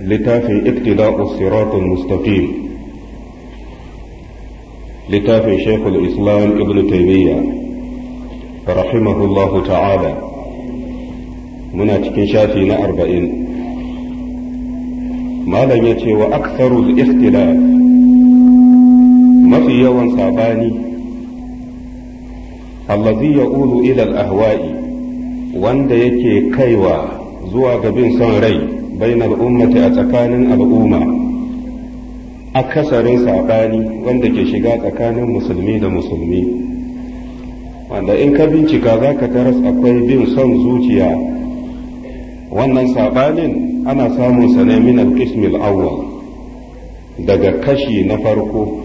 littafin iktida'u siratul mustaqim littafin shekul islam ibn taimiyya rahimahullahu ta'ala muna cikin shafi na arba'in malam ya ce wa aksaru ikhtilaf mafi yawan sabani allazi ya ulu ilal ahwa'i wanda yake kaiwa zuwa ga bin son rai bainar ummati a tsakanin al'umma akasarin saɓani wanda ke shiga tsakanin musulmi da musulmi wanda in ka bincika za ka taras akwai bin son zuciya wannan saɓanin ana samun sa ismil min daga kashi na farko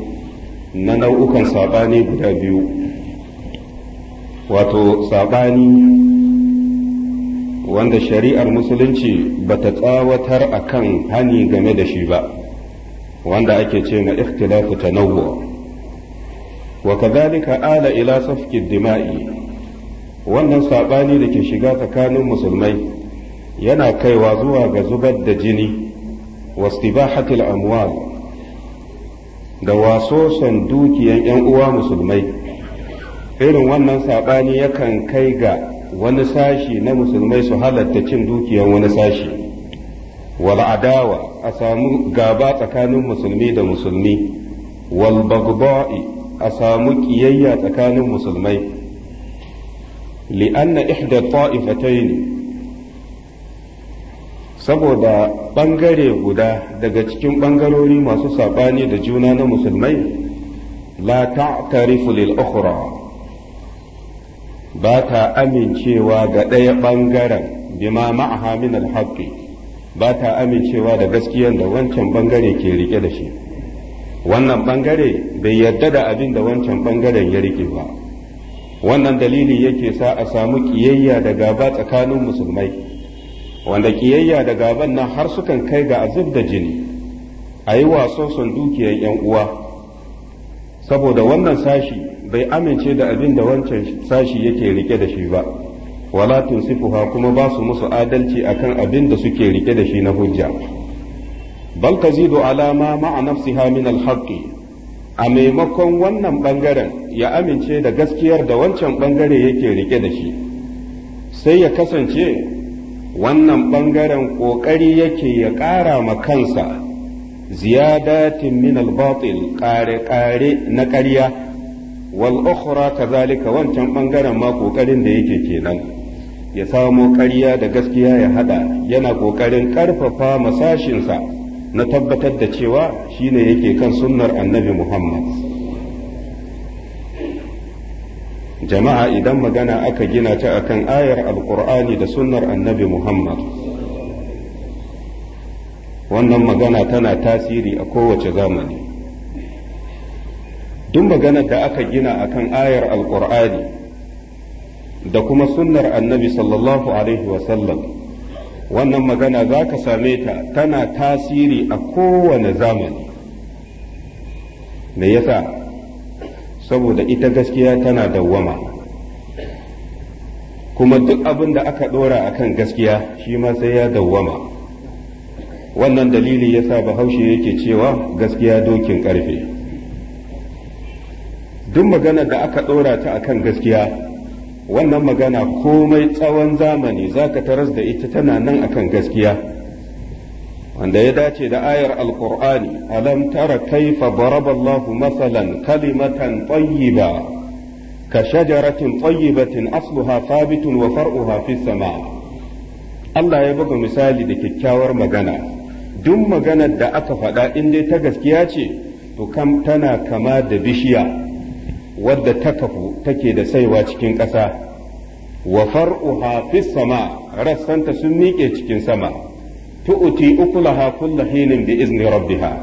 na nau'ukan saɓani guda biyu wato saɓani wanda shari'ar musulunci ba ta tsawatar a kan hani game da shi ba wanda ake ce na ikhtilafu ta wa kadhalika ala ila safki dima'i wannan saɓani da ke shiga tsakanin musulmai yana kaiwa zuwa ga zubar da jini wastibahatil amwal da wasoson dukiyan 'yan uwa musulmai irin wannan saɓani yakan kai ga wani sashi na musulmai su halatta cin dukiyan wani sashi wal adawa a samu gaba tsakanin musulmi da musulmi wal bagba'i a samu kiyayya tsakanin musulmai li'anna ihda ta'ifatayn saboda ɓangare guda daga cikin ɓangarori masu saɓani da juna na musulmai la ta'tarifu lil ukhra ba ta amincewa ga ɗaya ɓangaren bima ma'aha min alhaƙi ba ta amincewa da gaskiyar da wancan ɓangare ke riƙe da shi wannan ɓangare bai yarda da abin da wancan ɓangaren ya rike ba wannan dalili yake sa a samu ƙiyayya da gaba tsakanin musulmai wanda ƙiyayya da gaban nan har sukan kai ga azub da jini a yi wasoson dukiyar 'yan uwa saboda wannan sashi bai amince da abin da wancan sashi yake rike da shi ba wala tunsifuha kuma ba su musu adalci akan abin da suke rike da shi na hujja bal tazidu ala ma ma'a nafsiha min al a maimakon wannan bangaren ya amince da gaskiyar da wancan bangare yake rike da shi sai ya kasance wannan bangaren kokari yake ya ƙara ma kansa ziyadatin min al-batil ƙare-ƙare na ƙarya wal ukhra kazalika wancan bangaren ma kokarin da yake kenan ya samo ƙarya da gaskiya ya hada yana kokarin karfafa masashinsa na tabbatar da cewa shine yake kan sunnar annabi Muhammad jama'a idan magana aka gina ta akan ayar alqur'ani da sunnar annabi Muhammad wannan magana tana tasiri a kowace zamani duk magana da aka gina akan ayar alkur'ani da kuma sunnar annabi sallallahu alaihi wasallam wannan magana za ka same ta tana tasiri a kowane zamani me yasa saboda ita gaskiya tana dawwama kuma duk abin da aka ɗora akan gaskiya shi ma sai ya dawwama wannan dalili yasa bahaushe yake cewa gaskiya dokin ƙarfe. duk magana da aka ɗora ta akan gaskiya wannan magana komai tsawon zamani za ka taras da ita tana nan akan gaskiya wanda ya dace da ayar alkur'ani alam tara kaifa baraballahu masalan kalimatan tayyiba ka shajaratin tayyibatin asluha sabitun wa far'uha sama' Allah ya buga misali da kyakkyawar magana duk maganar da aka faɗa in dai ta gaskiya ce to kam tana kama da bishiya wadda ta kafu take da saiwa cikin ƙasa wa far'uha fi sama rassanta sun miƙe cikin sama tu'ti ukulaha kulla hinin bi izni rabbiha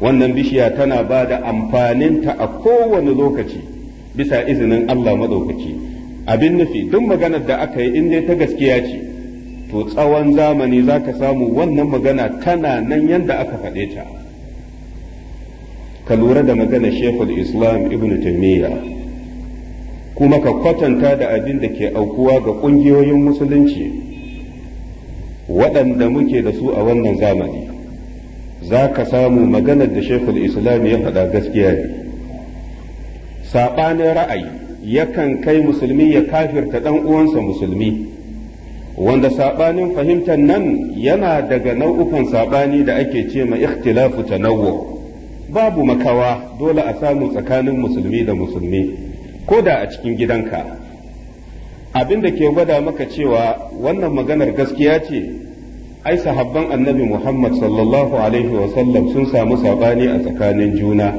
wannan bishiya tana ba da amfaninta a kowane lokaci bisa izinin Allah madaukaki abin nufi duk maganar da aka yi in dai ta gaskiya ce to tsawon zamani zaka samu wannan magana tana nan yanda aka faɗe ta ka lura da magana shekul islam ibn taimiyya kuma ka kwatanta da abin da ke aukuwa ga ƙungiyoyin musulunci waɗanda muke da su a wannan zamani za ka samu maganar da shekul islam ya faɗa gaskiya ne saɓanin ra'ayi yakan kai musulmi ya kafirta ɗan uwansa musulmi wanda saɓanin fahimtar nan yana daga nau'ukan saɓani da ake ce ma ikhtilafu tanawwu babu makawa dole a samu tsakanin musulmi da musulmi ko da a cikin gidanka abin da ke gwada maka cewa wannan maganar gaskiya ce ai sahabban annabi muhammad sallallahu alaihi wasallam sun samu sabani a tsakanin juna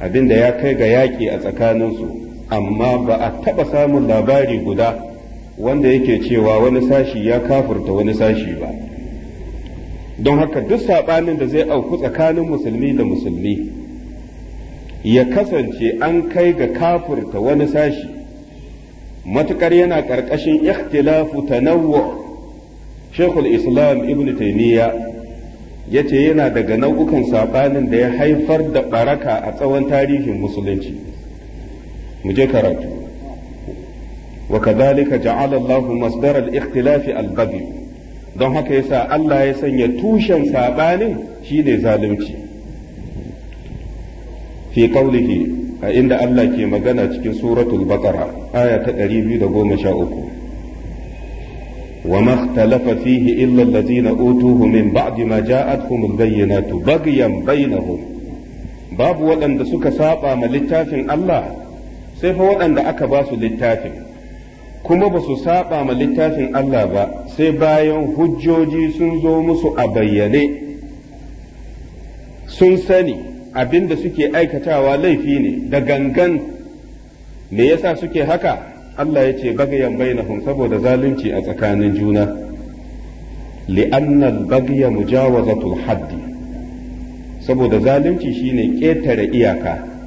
abin da ya kai ga yaƙi a tsakaninsu amma ba a taɓa samun labari guda wanda yake cewa wani sashi ya kafurta wani sashi ba. don haka duk saɓanin da zai auku tsakanin musulmi da musulmi ya kasance an kai ga kafurta wani sashi matuƙar yana ƙarƙashin ikhtilafu tanawwu shekul islam ibn taimiyya ya ce yana daga nau'ukan saɓanin da ya haifar da ɓaraka a tsawon tarihin musulunci mu je karatu وكذلك جعل الله مصدر الاختلاف البغي don haka yasa Allah ya sanya tushen sabanin shine zalunci fi qawlihi a inda Allah ke magana cikin suratul baqara aya ta 213 wa ma ikhtalafa fihi illa alladhina utuhu min ba'di ma ja'atuhum albayyinatu baghyan bainahum babu waɗanda suka saba ma littafin Allah sai fa waɗanda aka basu su littafin kuma ba su saba ma littafin Allah ba sai bayan hujjoji sun zo musu a bayyane sun sani abin da suke aikatawa laifi ne da gangan me yasa suke haka Allah ya ce bagayen bainahum saboda zalunci a tsakanin juna li'annal bagya mujawazatul haddi saboda zalunci shine ƙetare iyaka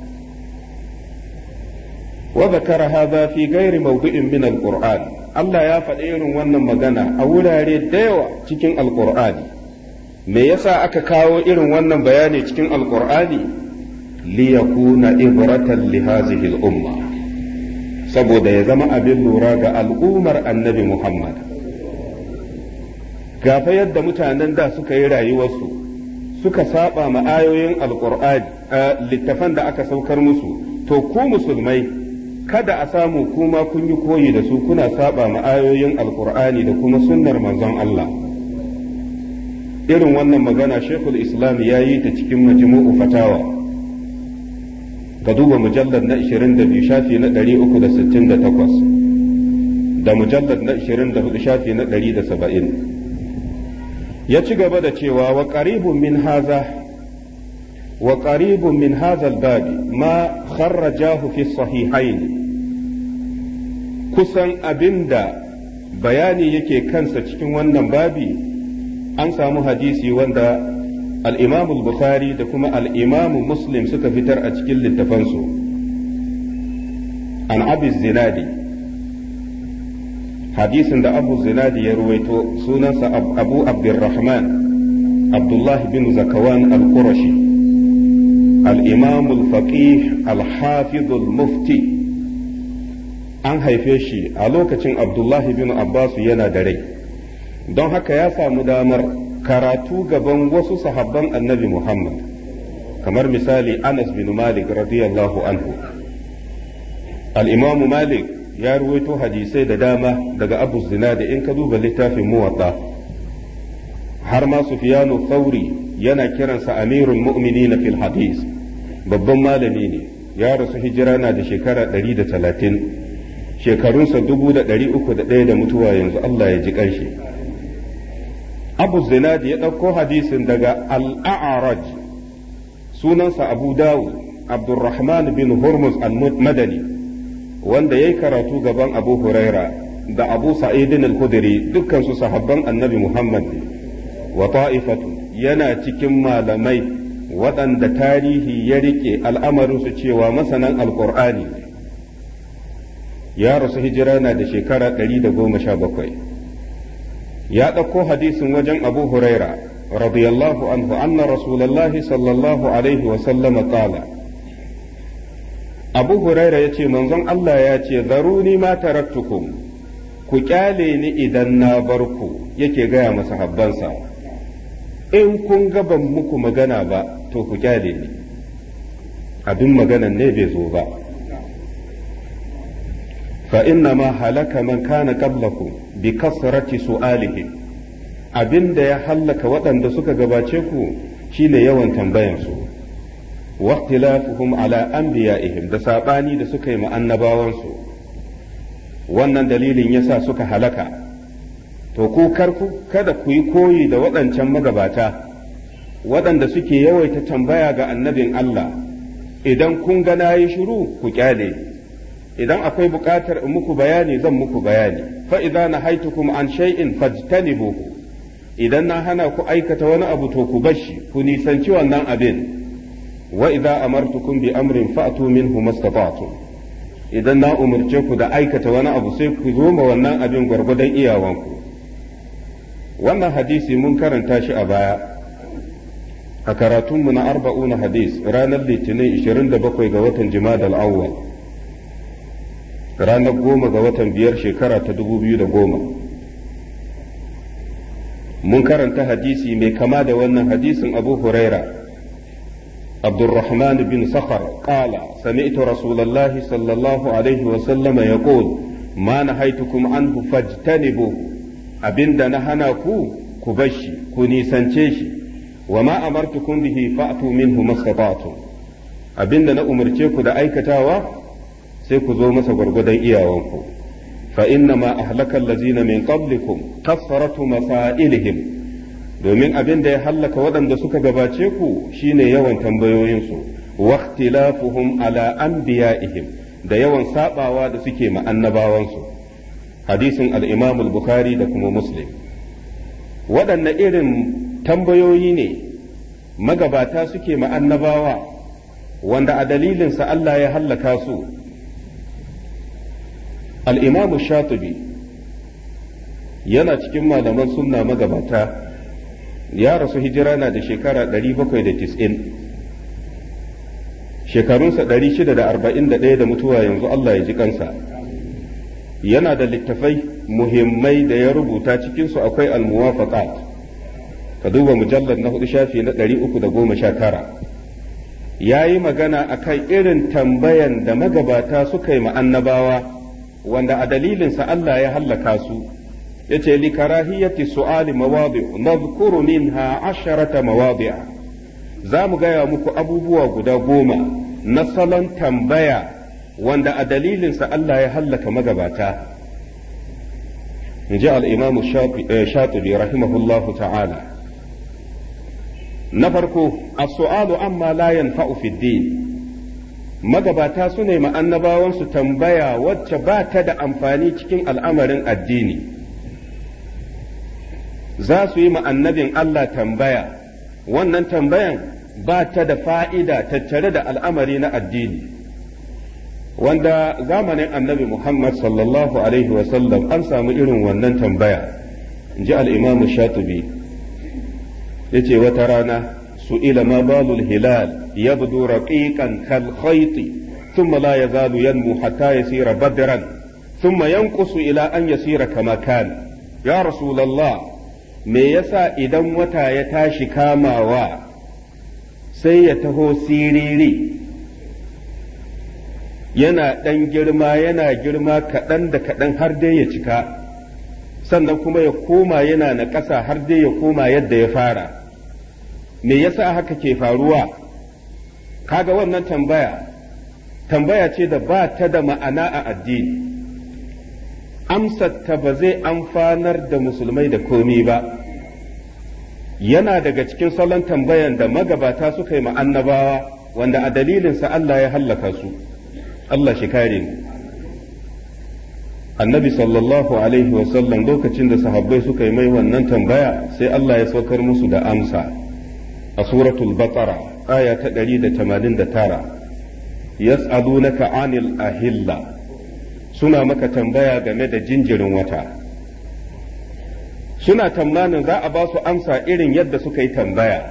wa zakara hadha fi ghairi min al-Qur'an Allah ya faɗi irin wannan magana a wurare da yawa cikin alkur'ani me yasa aka kawo irin wannan bayani cikin alkur'ani liyakuna ibratan li hazihi umma saboda ya zama abin lura ga al'ummar annabi Muhammad gafa yadda mutanen da suka yi rayuwarsu suka saɓa ma ayoyin alkur'ani eh, littafan da aka saukar musu to ku musulmai kada a samu kuma kun yi koyi da su kuna saba ma ayoyin alkur'ani da kuma sunnar manzon Allah irin wannan magana shekul islam ya yi ta cikin majmu'u fatawa ka duba mujallar na 22 shafi na 368 da mujallar na 24 shafi na 170 ya ci gaba da cewa wa qaribun min haza wa qaribun min hazal babi ma kharrajahu fi sahihaini kusan abin da bayani yake kansa cikin wannan babi an samu hadisi wanda al'imamu bukhari da kuma al'imamu muslim suka fitar a cikin littafansu an abis zinadi hadisin da abu zinadi ya ruwaito sunansa abu abdurrahman abdullahi bin zakawan al-qurashi al-imam al-faqih al-hafiz al-mufti an haife shi a lokacin abdullahi bin abbas yana da rai don haka ya samu damar karatu gaban wasu sahabban annabi muhammad kamar misali anas bin malik radiyallahu anhu al'imamu malik ya ruwaito hadisai da dama daga abu zina da in ka duba littafin muwatta har ma sufiyanu sauri yana kiransa amirul mu'minina na hadis babban malami ne ya rasu hijira na da shekara 130 shekarunsa dubu da ɗari uku da ɗaya da mutuwa yanzu Allah ya ji ƙarshe abu zinadi ya ɗauko hadisin daga al'a'araj sunansa abu Dawu abdulrahman bin hormuz al-madani wanda ya yi karatu gaban abu huraira da abu sa'idin al dukkan dukkansu sahabban annabi muhammad wa ta'ifatu yana cikin malamai waɗanda tarihi ya riƙe al'amarinsu cewa masanan al'kur'ani. ya rasu hijira na da shekara 117 ya ɗauko hadisin wajen abu huraira radiyallahu anhu anna rasulallahi sallallahu alaihi wasallama qala abu huraira ya ce manzon Allah ya ce zaruni ma taraktukum ku kyale ni idan na bar ku yake gaya masa habbansa in kun ga ban muku magana ba to ku kyale ni abin maganan ne bai zo ba fa inna ma halaka man kana qablakum bi kasrati su'alihim abinda ya hallaka waɗanda suka gabace ku shine yawan tambayansu wa ikhtilafuhum ala anbiya'ihim da sabani da suka yi ma su wannan dalilin yasa suka halaka to ku karku kada ku yi koyi da waɗancan magabata waɗanda suke yawaita tambaya ga annabin Allah idan kun ga nayi shiru ku kyale idan akwai buƙatar in muku bayani zan muku bayani fa idza nahaitukum an shay'in fajtanibuhu idan na hana ku aikata wani abu to ku bashi ku nisanci wannan abin wa idza amartukum bi amrin fa'tu minhu mastata'tum idan na umarce ku da aikata wani abu sai ku zo ma wannan abin gwargwadon iyawanku wannan hadisi mun karanta shi a baya a karatunmu na arba'una hadis ranar litinin 27 ga watan jima'a awwal ranar goma ga watan biyar shekara ta dubu biyu da goma mun karanta hadisi mai kama da wannan hadisin abu huraira abdurrahman bin safar ƙala sami'tu rasulallahi sallallahu alaihi wasallam ya qul ma nahaitukum anhu fajtanibu abinda na hana ku ku bashi ku nisance shi wa ma amartukum bihi fa'tu minhu mastata'tum abinda na umarce ku da aikatawa sai ku zo masa gwargwadon iyawanku fa inna ma ahlaka allazina min qablikum masa masailihim domin abin da ya hallaka waɗanda suka gabace ku shine yawan tambayoyinsu wa ikhtilafuhum ala anbiya'ihim da yawan sabawa da suke ma annabawansu hadisin al-imam al-bukhari da kuma muslim waɗanne irin tambayoyi ne magabata suke ma annabawa wanda a dalilinsa Allah ya hallaka su al'imamu shatubi yana cikin malaman sunna magabata ya rasu hijira na da shekara 790 shekarunsa 641 da mutuwa yanzu Allah ya ji kansa yana da littafai muhimmai da ya rubuta cikinsu akwai almuwafaka ka duba mujallar na hudu shafi na 319 ya yi magana akan irin tambayan da magabata suka yi ma annabawa wanda a dalilinsa Allah ya hallaka su yace li karahiyati su'ali mawadi' nadhkuru minha asharata mawadi' za mu gaya muku abubuwa guda goma na salon tambaya wanda a dalilinsa Allah ya hallaka magabata inji al-imam eh, shatibi rahimahullahu ta'ala na farko a sualu amma la yanfa'u fi din magabata su ne su tambaya wacce ba ta da amfani cikin al'amarin addini za su yi annabin Allah tambaya wannan tambayan ba ta da fa'ida tattare da al'amari na addini wanda zamanin annabi Muhammad sallallahu Alaihi wasallam an samu irin wannan tambaya in ji al'imamu shatubi ya ce wata rana سئل ما بال الهلال يبدو رقيقا كالخيط ثم لا يزال ينمو حتى يسير بدرا ثم ينقص إلى أن يسير كما كان يا رسول الله me yasa idan wata ya tashi kamawa sai ya taho siriri yana ɗan girma yana girma kaɗan da kaɗan har dai ya cika sannan kuma ya koma yana na ƙasa har dai ya koma yadda ya fara me yasa haka ke faruwa kaga wannan tambaya tambaya ce da ba ta da ma'ana a addini amsatta ba zai amfanar da musulmai da komi ba yana daga cikin salon tambayan da magabata suka yi ma'annabawa wanda a dalilinsa Allah ya hallaka su Allah shi kare annabi sallallahu alaihi wasallam lokacin da sahabbai suka yi mai wannan tambaya sai Allah ya saukar musu da amsa a suratul baqara aya ta 189 yas'alunaka anil ahilla suna maka tambaya game da jinjirin wata suna tamanin za a ba su amsa irin yadda suka yi tambaya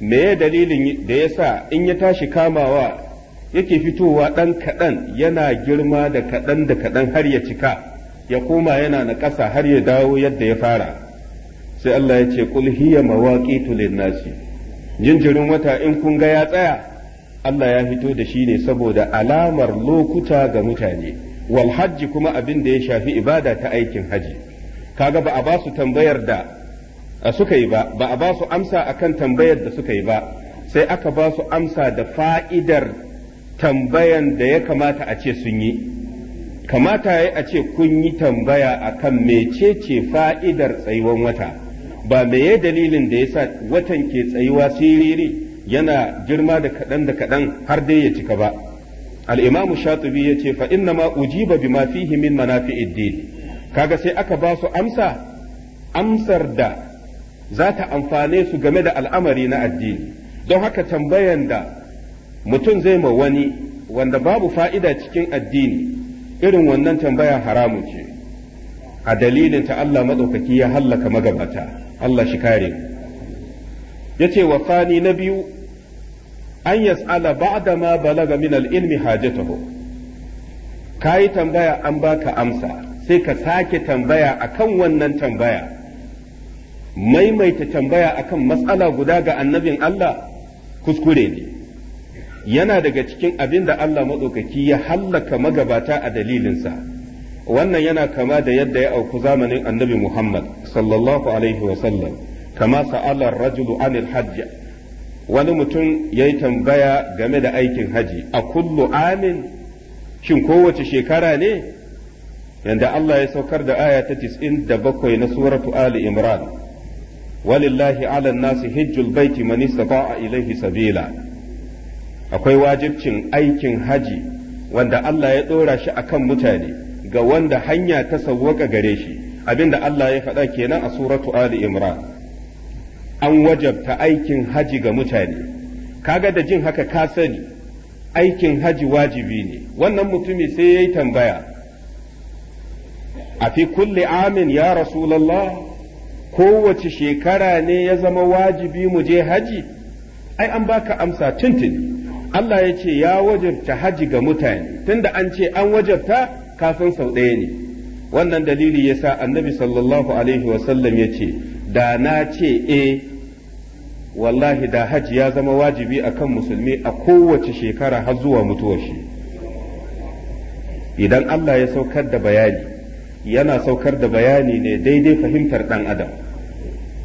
me ya dalilin da ya sa in ya tashi kamawa yake fitowa ɗan kaɗan yana girma da kaɗan da kaɗan har ya cika ya koma yana na ƙasa har ya dawo yadda ya fara sai Allah ya ce kul hiya mawaqitu lin-nasi jinjirin wata in kun ga ya tsaya Allah ya fito da shi ne saboda alamar lokuta ga mutane wal hajji kuma abin da ya shafi ibada ta aikin haji kaga ba a ba su tambayar da suka yi ba ba a ba su amsa akan tambayar da suka yi ba sai aka ba su amsa da fa'idar tambayan da ya kamata a ce sun yi kamata ya a ce kun yi tambaya akan mecece fa'idar tsayuwan wata ba meye dalilin da ya sa watan ke tsayuwa siriri yana girma da kaɗan da kaɗan har dai ya cika ba al-imamu ya ce, fa inna ma ujiba bima fihi min manafi'id din kaga sai aka ba su amsa amsar da za ta amfane su game da al'amari na addini don haka tambayan da mutum zai ma wani wanda babu fa'ida cikin addini irin wannan tambaya haramu ce a dalilin ta Allah maɗaukaki ya hallaka magabata Allah shi kare ya ce wa fani na biyu an yas'ala ba'da ma balaga min al-ilmi hajatahu kayi tambaya an baka amsa sai ka sake tambaya akan wannan tambaya maimaita tambaya akan matsala guda ga annabin Allah kuskure ne yana daga cikin abin da Allah maɗaukaki ya hallaka magabata a dalilinsa wannan yana kama da yadda ya auku zamanin annabi Muhammad sallallahu alaihi sallam, kama sa'alar rajulu anil hajja wani mutum ya yi tambaya game da aikin haji a kullu amin shin kowace shekara ne yanda Allah ya saukar da aya ta 97 na suratu Ali Imran walillahi ala nasi hijjul baiti man istata'a ilaihi sabila akwai wajibcin aikin haji wanda Allah ya dora shi akan mutane ga wanda hanya ta sawwaka gare shi abinda Allah ya faɗa kenan a suratu Ali Imran an wajabta aikin haji ga mutane kaga da jin haka ka sani aikin haji wajibi ne wannan mutumi sai yayi tambaya a fi kulli amin ya rasulullah kowace shekara ne ya zama wajibi mu je haji ai an baka amsa tuntun Allah ya ce ya wajabta haji ga mutane tunda an ce an wajabta kafin sau ɗaya ne wannan dalili ya sa annabi sallallahu alaihi wasallam ya ce da na ce e wallahi da hajji ya zama wajibi a kan musulmi a kowace shekara har zuwa mutuwar shi idan Allah ya saukar da bayani yana saukar da bayani ne daidai fahimtar ɗan adam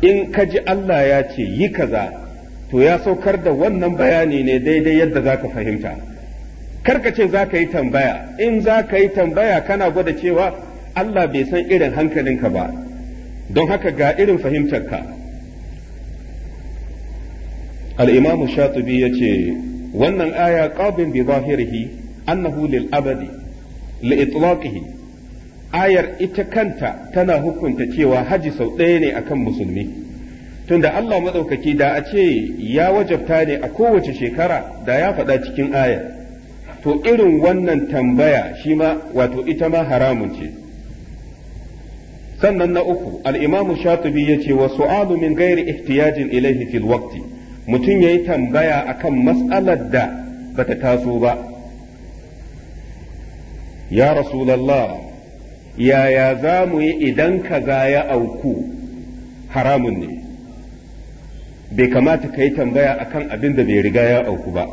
in ka ji Allah ya ce yi kaza to ya saukar da wannan bayani ne daidai yadda za ka fahimta karka ce za ka yi tambaya in za ka yi tambaya kana gwada cewa Allah bai san irin hankalinka ba don haka ga irin fahimtarka al'imamu shatubi ya ce wannan aya ƙabin bi zahirihi annahu lil abadi li ayar ita kanta tana hukunta cewa haji sau ɗaya ne akan musulmi tunda Allah maɗaukaki da a ce ya wajabta ne a kowace shekara da ya faɗa cikin ayar to irin wannan tambaya shi ma wato ita ma haramun ce sannan na uku al'imamu shatubi ya ce wa su'alu min gairi ihtiyajin ilaihi fil waqti mutum ya yi tambaya akan mas'alar da bata taso ba ya rasulallah yaya za mu yi idan kaza ya auku haramun ne bai kamata ka yi tambaya akan abin da bai riga ya auku ba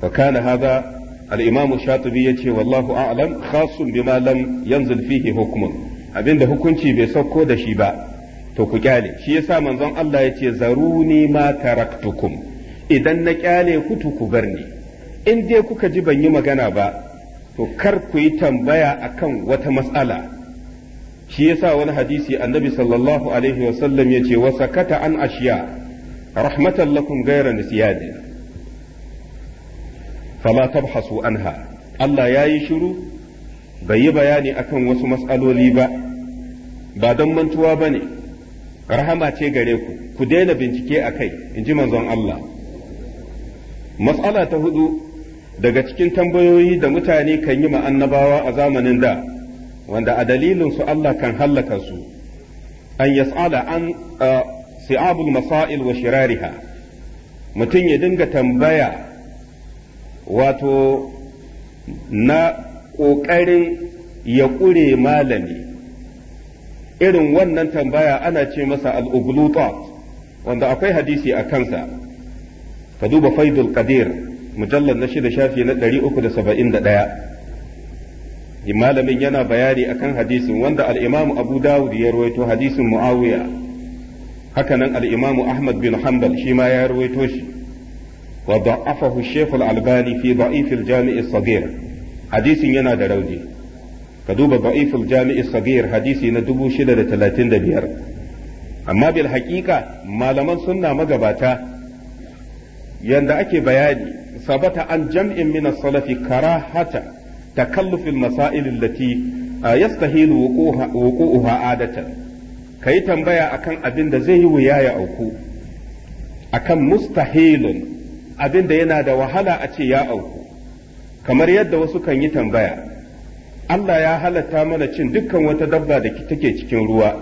fa kana hadha al-imam shatibi yace wallahu a'lam khassun bi malam yanzil fihi hukmun abinda hukunci bai sauko da shi ba to ku kyale shi yasa manzon Allah yace zaruni ma taraktukum idan na kyale ku ku bar ni in dai kuka ji ban yi magana ba to kar kuyi tambaya akan wata matsala shi yasa wani hadisi annabi sallallahu alaihi wasallam yace wa an ashiya rahmatan lakum ghayra nisyadin fala an anha Allah ya yi shiru bai yi bayani akan wasu matsaloli ba ba don mantuwa ba ne rahama ce gare ku ku daina bincike a kai in ji manzon Allah matsala ta hudu daga cikin tambayoyi da mutane kan yi ma'annabawa a zamanin da wanda a dalilinsu Allah kan hallaka su an yas'ala an uh, si'abul masa'il wa shirariha mutum ya dinga tambaya wato na ƙoƙarin ya ƙure malami irin wannan tambaya ana ce masa al'uglutat wanda akwai hadisi a kansa ka duba faidul qadir mujallar na shida shafi na 371 malamin yana bayani akan hadisin wanda al'imamu abu dawud ya rawaito hadisin mu'awiya hakanan al'imamu ahmad bin hanbal shi ma ya rawaito shi وضعفه الشيخ الألباني في ضعيف الجامع الصغير حديث ينا دروجي كدوب ضعيف الجامع الصغير حديث ندبو شدة ثلاثين دبير أما بالحقيقة ما لمن سنة مقباتا yanda ake bayani sabata an jam'in min salafi karahata takalluf al-masail allati yastahilu wuqu'uha adatan yi tambaya akan abin da zai yi wuya ya auku akan mustahilun abin da yana da wahala a ce ya auku kamar yadda wasu kan yi tambaya Allah ya halatta mana cin dukkan wata dabba da take cikin ruwa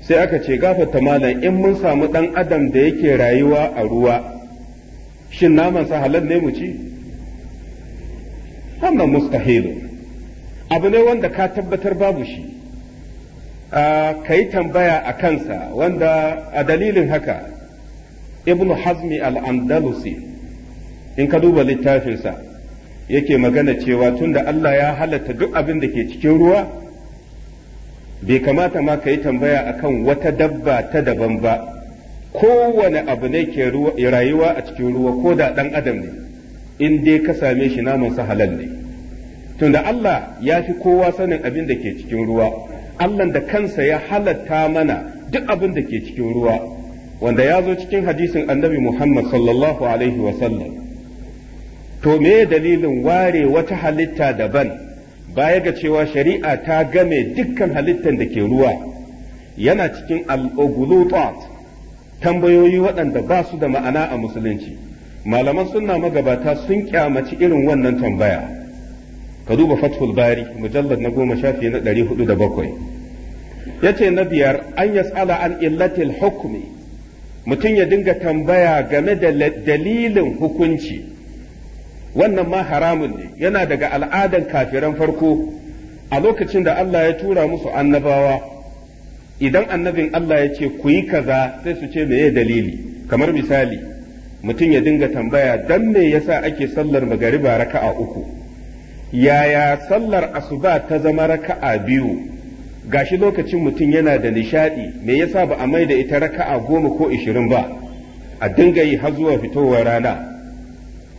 sai aka ce gafata malam in mun samu ɗan adam da yake rayuwa a ruwa shin namansa halal ne mu ci wannan mustahilu abu ne wanda ka tabbatar babu shi ah, ka yi tambaya a kansa wanda a dalilin haka ibnu hazmi al-andalusi in ka duba littafinsa yake magana cewa tunda Allah ya halatta duk abin da ke cikin ruwa bai kamata ma ka yi tambaya akan wata dabba ta daban ba kowane abu ne ke rayuwa a cikin ruwa ko da ɗan adam ne in dai ka same shi namansa halal ne tunda Allah ya fi kowa sanin abin da ke cikin ruwa Allah da kansa ya halatta mana duk abin da ke cikin ruwa wanda ya zo cikin hadisin annabi Muhammad sallallahu alaihi wasallam to me dalilin ware wata halitta daban baya ga cewa shari'a ta game dukkan halittar da ke ruwa yana cikin al'ogulutat tambayoyi waɗanda ba su da ma'ana a musulunci malaman sunna magabata sun kyamaci irin wannan tambaya ka duba fathul bari mujallar na goma shafi na ɗari hudu da bakwai ya ce na biyar an yas'ala an illatil hukumi. mutum ya dinga tambaya game da dalilin hukunci wannan ma haramun ne yana daga al'adan kafiran farko a lokacin da Allah ya tura musu annabawa idan annabin Allah ya ce ku yi kaza sai su ce meye dalili kamar misali mutum ya dinga tambaya dan me yasa ake sallar magariba raka'a uku yaya sallar asuba ta zama raka'a biyu gashi lokacin mutum yana da nishaɗi me yasa ba a mai da ita raka'a goma ko ishirin ba a dinga yi har zuwa fitowar rana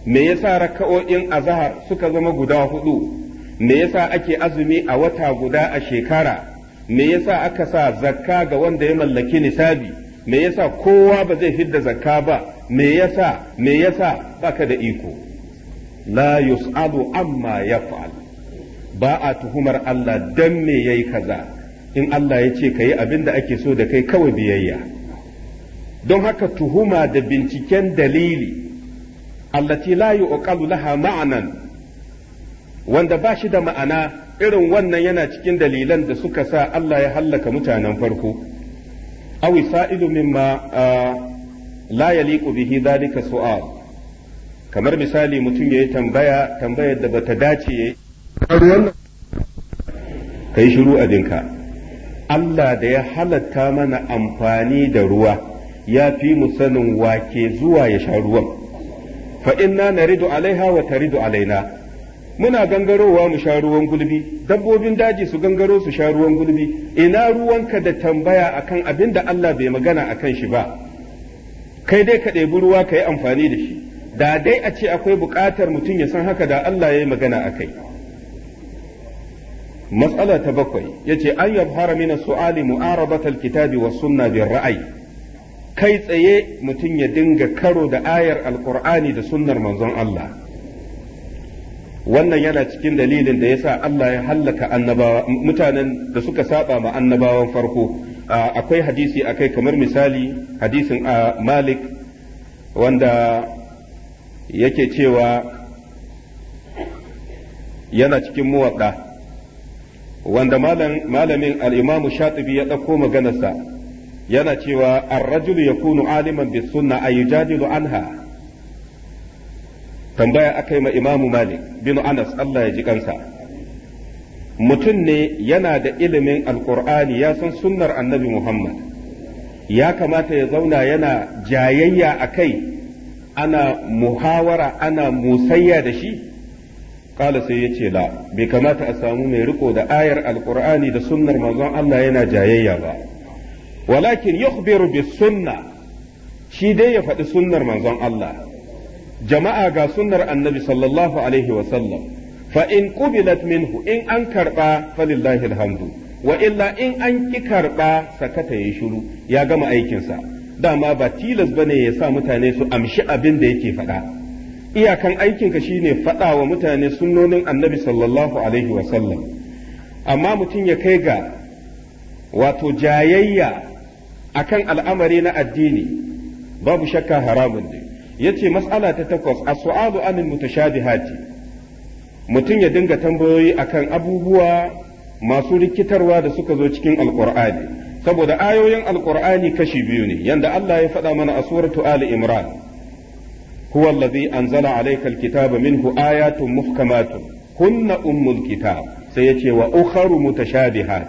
me yasa raka'o'in azahar suka zama guda hudu me yasa ake azumi a wata guda a shekara me yasa aka sa zakka ga wanda ya mallaki nisabi me yasa kowa ba zai fidda zakka ba me yasa me yasa baka da iko la yus'alu amma yaf'al ba a tuhumar Allah dan me yayi kaza in Allah ya ce ka yi abin da ake so da kai kawai biyayya don haka tuhuma da binciken dalili allati la yuqalu laha ma'anan wanda ba shi da ma'ana irin wannan yana cikin dalilan da suka sa Allah ya hallaka mutanen farko awi sa'ilu mimma la yaliqu bihi dhalika su'al kamar misali mutum yayi tambaya tambayar da bata dace yayi kai shiru abinka Allah da ya halatta mana amfani da ruwa ya fi mu sanin wake zuwa ya sha ruwan fa inna naridu alaiha wa taridu alaina muna gangarowa mu sha ruwan gulbi dabbobin daji su gangaro su sha ruwan gulbi ina ruwanka da tambaya akan abin da Allah bai magana akan shi ba kai dai ka ɗebi ruwa ka yi amfani da shi da dai a ce akwai buƙatar mutum ya san haka da Allah ya yi magana a kai matsala ta bakwai ya ce an yabhara mina su'ali mu'arabatal kitabi wa sunna bin ra'ayi kai tsaye mutum ya dinga karo da ayar alqur'ani da sunnar manzon Allah wannan yana cikin dalilin da yasa Allah ya hallaka annabawa mutanen da suka saba ma annabawan farko akwai hadisi akai kamar misali hadisin Malik wanda yake cewa yana cikin muwadda wanda malamin al-Imam Shatibi ya ɗauko maganarsa yana cewa ar-rajulu yakunu aliman bis sunna ay anha tambaya akai ma Imam Malik bin Anas Allah ya ji kansa mutum ne yana da ilimin alkur'ani ya san sunnar annabi Muhammad ya kamata ya zauna yana jayayya a kai ana muhawara ana musayya da shi kala sai ya ce la bai kamata a samu mai riko da ayar alkur'ani da sunnar manzon Allah yana jayayya ba walakin yukhbiru bis sunna shi dai ya faɗi sunnar manzon Allah jama'a ga sunnar annabi sallallahu alaihi wa sallam fa in qubilat minhu in an karba falillahi alhamdu wa illa in an ki karba sakata yayi shiru ya gama aikinsa dama ba tilas bane ya sa mutane su amshi abin da yake faɗa iyakan aikinka shine faɗa wa mutane sunnonin annabi sallallahu alaihi wasallam amma mutum ya kai ga wato jayayya akan al'amari na addini babu shakka haramun ne ce mas'ala ta takwas as ta sha mutashabihati mutum ya dinga tambayoyi akan abubuwa masu rikitarwa da suka zo cikin alqur'ani saboda ayoyin alqur'ani kashi biyu ne yanda Allah ya faɗa mana a suratu ali imran huwa allazi anzala alayka alkitaba minhu ayatun muhkamatun hunna ummul kitab sai yace wa ukharu mutashabihat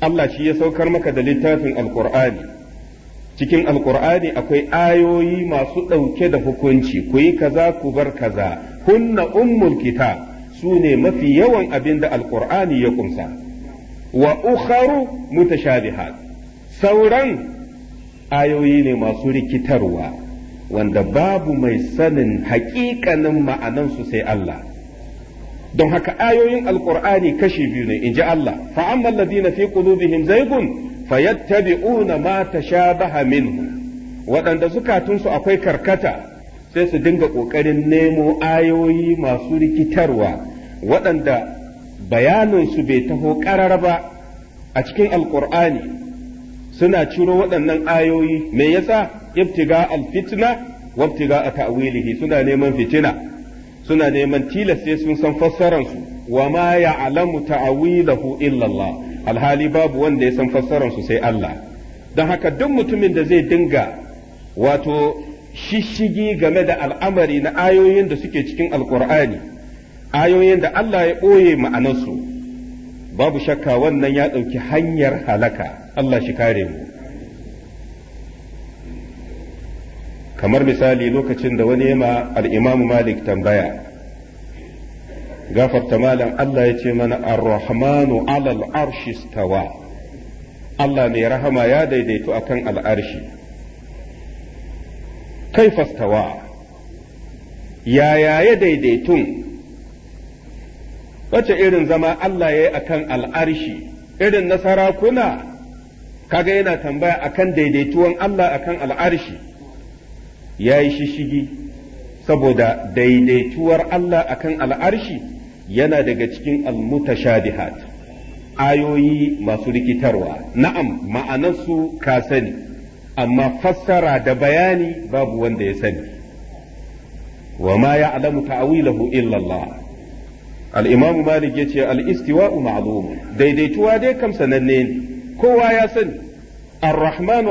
Allah shi ya saukar maka da littafin alqur'ani cikin alqur'ani akwai ayoyi masu ɗauke da hukunci ku yi kaza ku bar kaza hunna ummul kitab su ne mafi yawan abin da alqur'ani ya kumsa wa ukharu mutashabihat sauran ayoyi ne masu rikitarwa wanda babu mai sanin haƙiƙanin ma'anansu sai Allah don haka ayoyin alƙur'ani kashi biyu ne in ji Allah fa'amman na fi qulubihim zaygun fayattabi'una ma tashabaha minhu waɗanda zukatunsu akwai karkata sai su dinga ƙoƙarin nemo ayoyi masu rikitarwa waɗanda bayaninsu bai taho ƙarar ba a cikin alƙur'ani suna ciro waɗannan ayoyi me yasa ابتغاء al وابتغاء تأويله سنة ta'wilihi suna سنة fitina suna neman tilasta وما يعلم تأويله إلا الله الحالي باب ta'wilahu illa Allah alhali babu wanda sai Allah haka duk mutumin da zai dinga wato shishigi game da al'amari na ayoyin da suke cikin alkur'ani ayoyin da Allah ya ɓoye ma'anarsu babu shakka wannan ya ɗauki hanyar halaka Allah shi kare mu kamar misali lokacin da wani yama al'imamu malik tambaya gafarta malam Allah ya ce mana ar-rahmanu alal arshi stawa Allah mai rahama ya daidaito akan al'arshi kaifa stawa yaya ya daidaitun wace irin zama Allah ya yi akan al'arshi irin na sarakuna kaga yana tambaya akan daidaituwan Allah akan al'arshi ya yi shishigi saboda daidaituwar Allah akan al'arshi yana daga cikin almutashadihat ayoyi masu rikitarwa na'am ma'anarsu ka sani amma fassara da bayani babu wanda ya sani wa ma ya alamu ta’awilahu illallah al-imamu malik yace al-istiwa'u ma'lum daidaituwa dai kam sananne ne kowa ya sani ar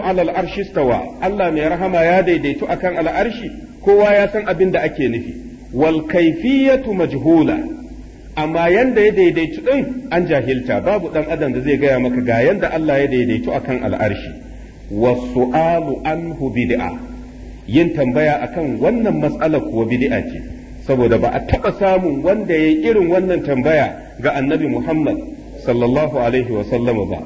alal arshi Allah mai rahama ya daidaitu akan al'arshi kowa ya san abin da ake nufi wal kaifiyatu majhula amma yanda ya daidaito ɗin, an jahilta babu dan adam da zai gaya maka ga yanda Allah ya daidaitu akan al'arshi wasu'alu anhu bid'a yin tambaya akan wannan mas'ala kuwa bid'a ce saboda ba a taɓa samun wanda ya irin wannan tambaya ga Annabi Muhammad sallallahu alaihi wa sallama ba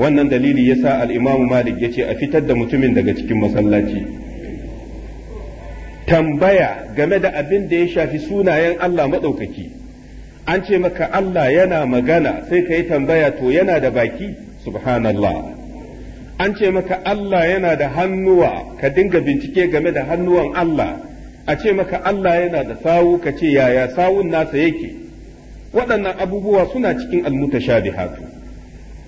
wannan dalili ya sa al'imamu malik ya ce a fitar da mutumin daga cikin masallaci tambaya game da abin da ya shafi sunayen Allah maɗaukaki an ce maka Allah yana magana sai ka yi tambaya to yana da baki subhanallah an ce maka Allah yana da hannuwa ka dinga bincike game da hannuwan Allah a ce maka Allah yana da sawu ka ce yaya sawun nasa yake waɗannan abubuwa suna cikin almuta almutashabihatu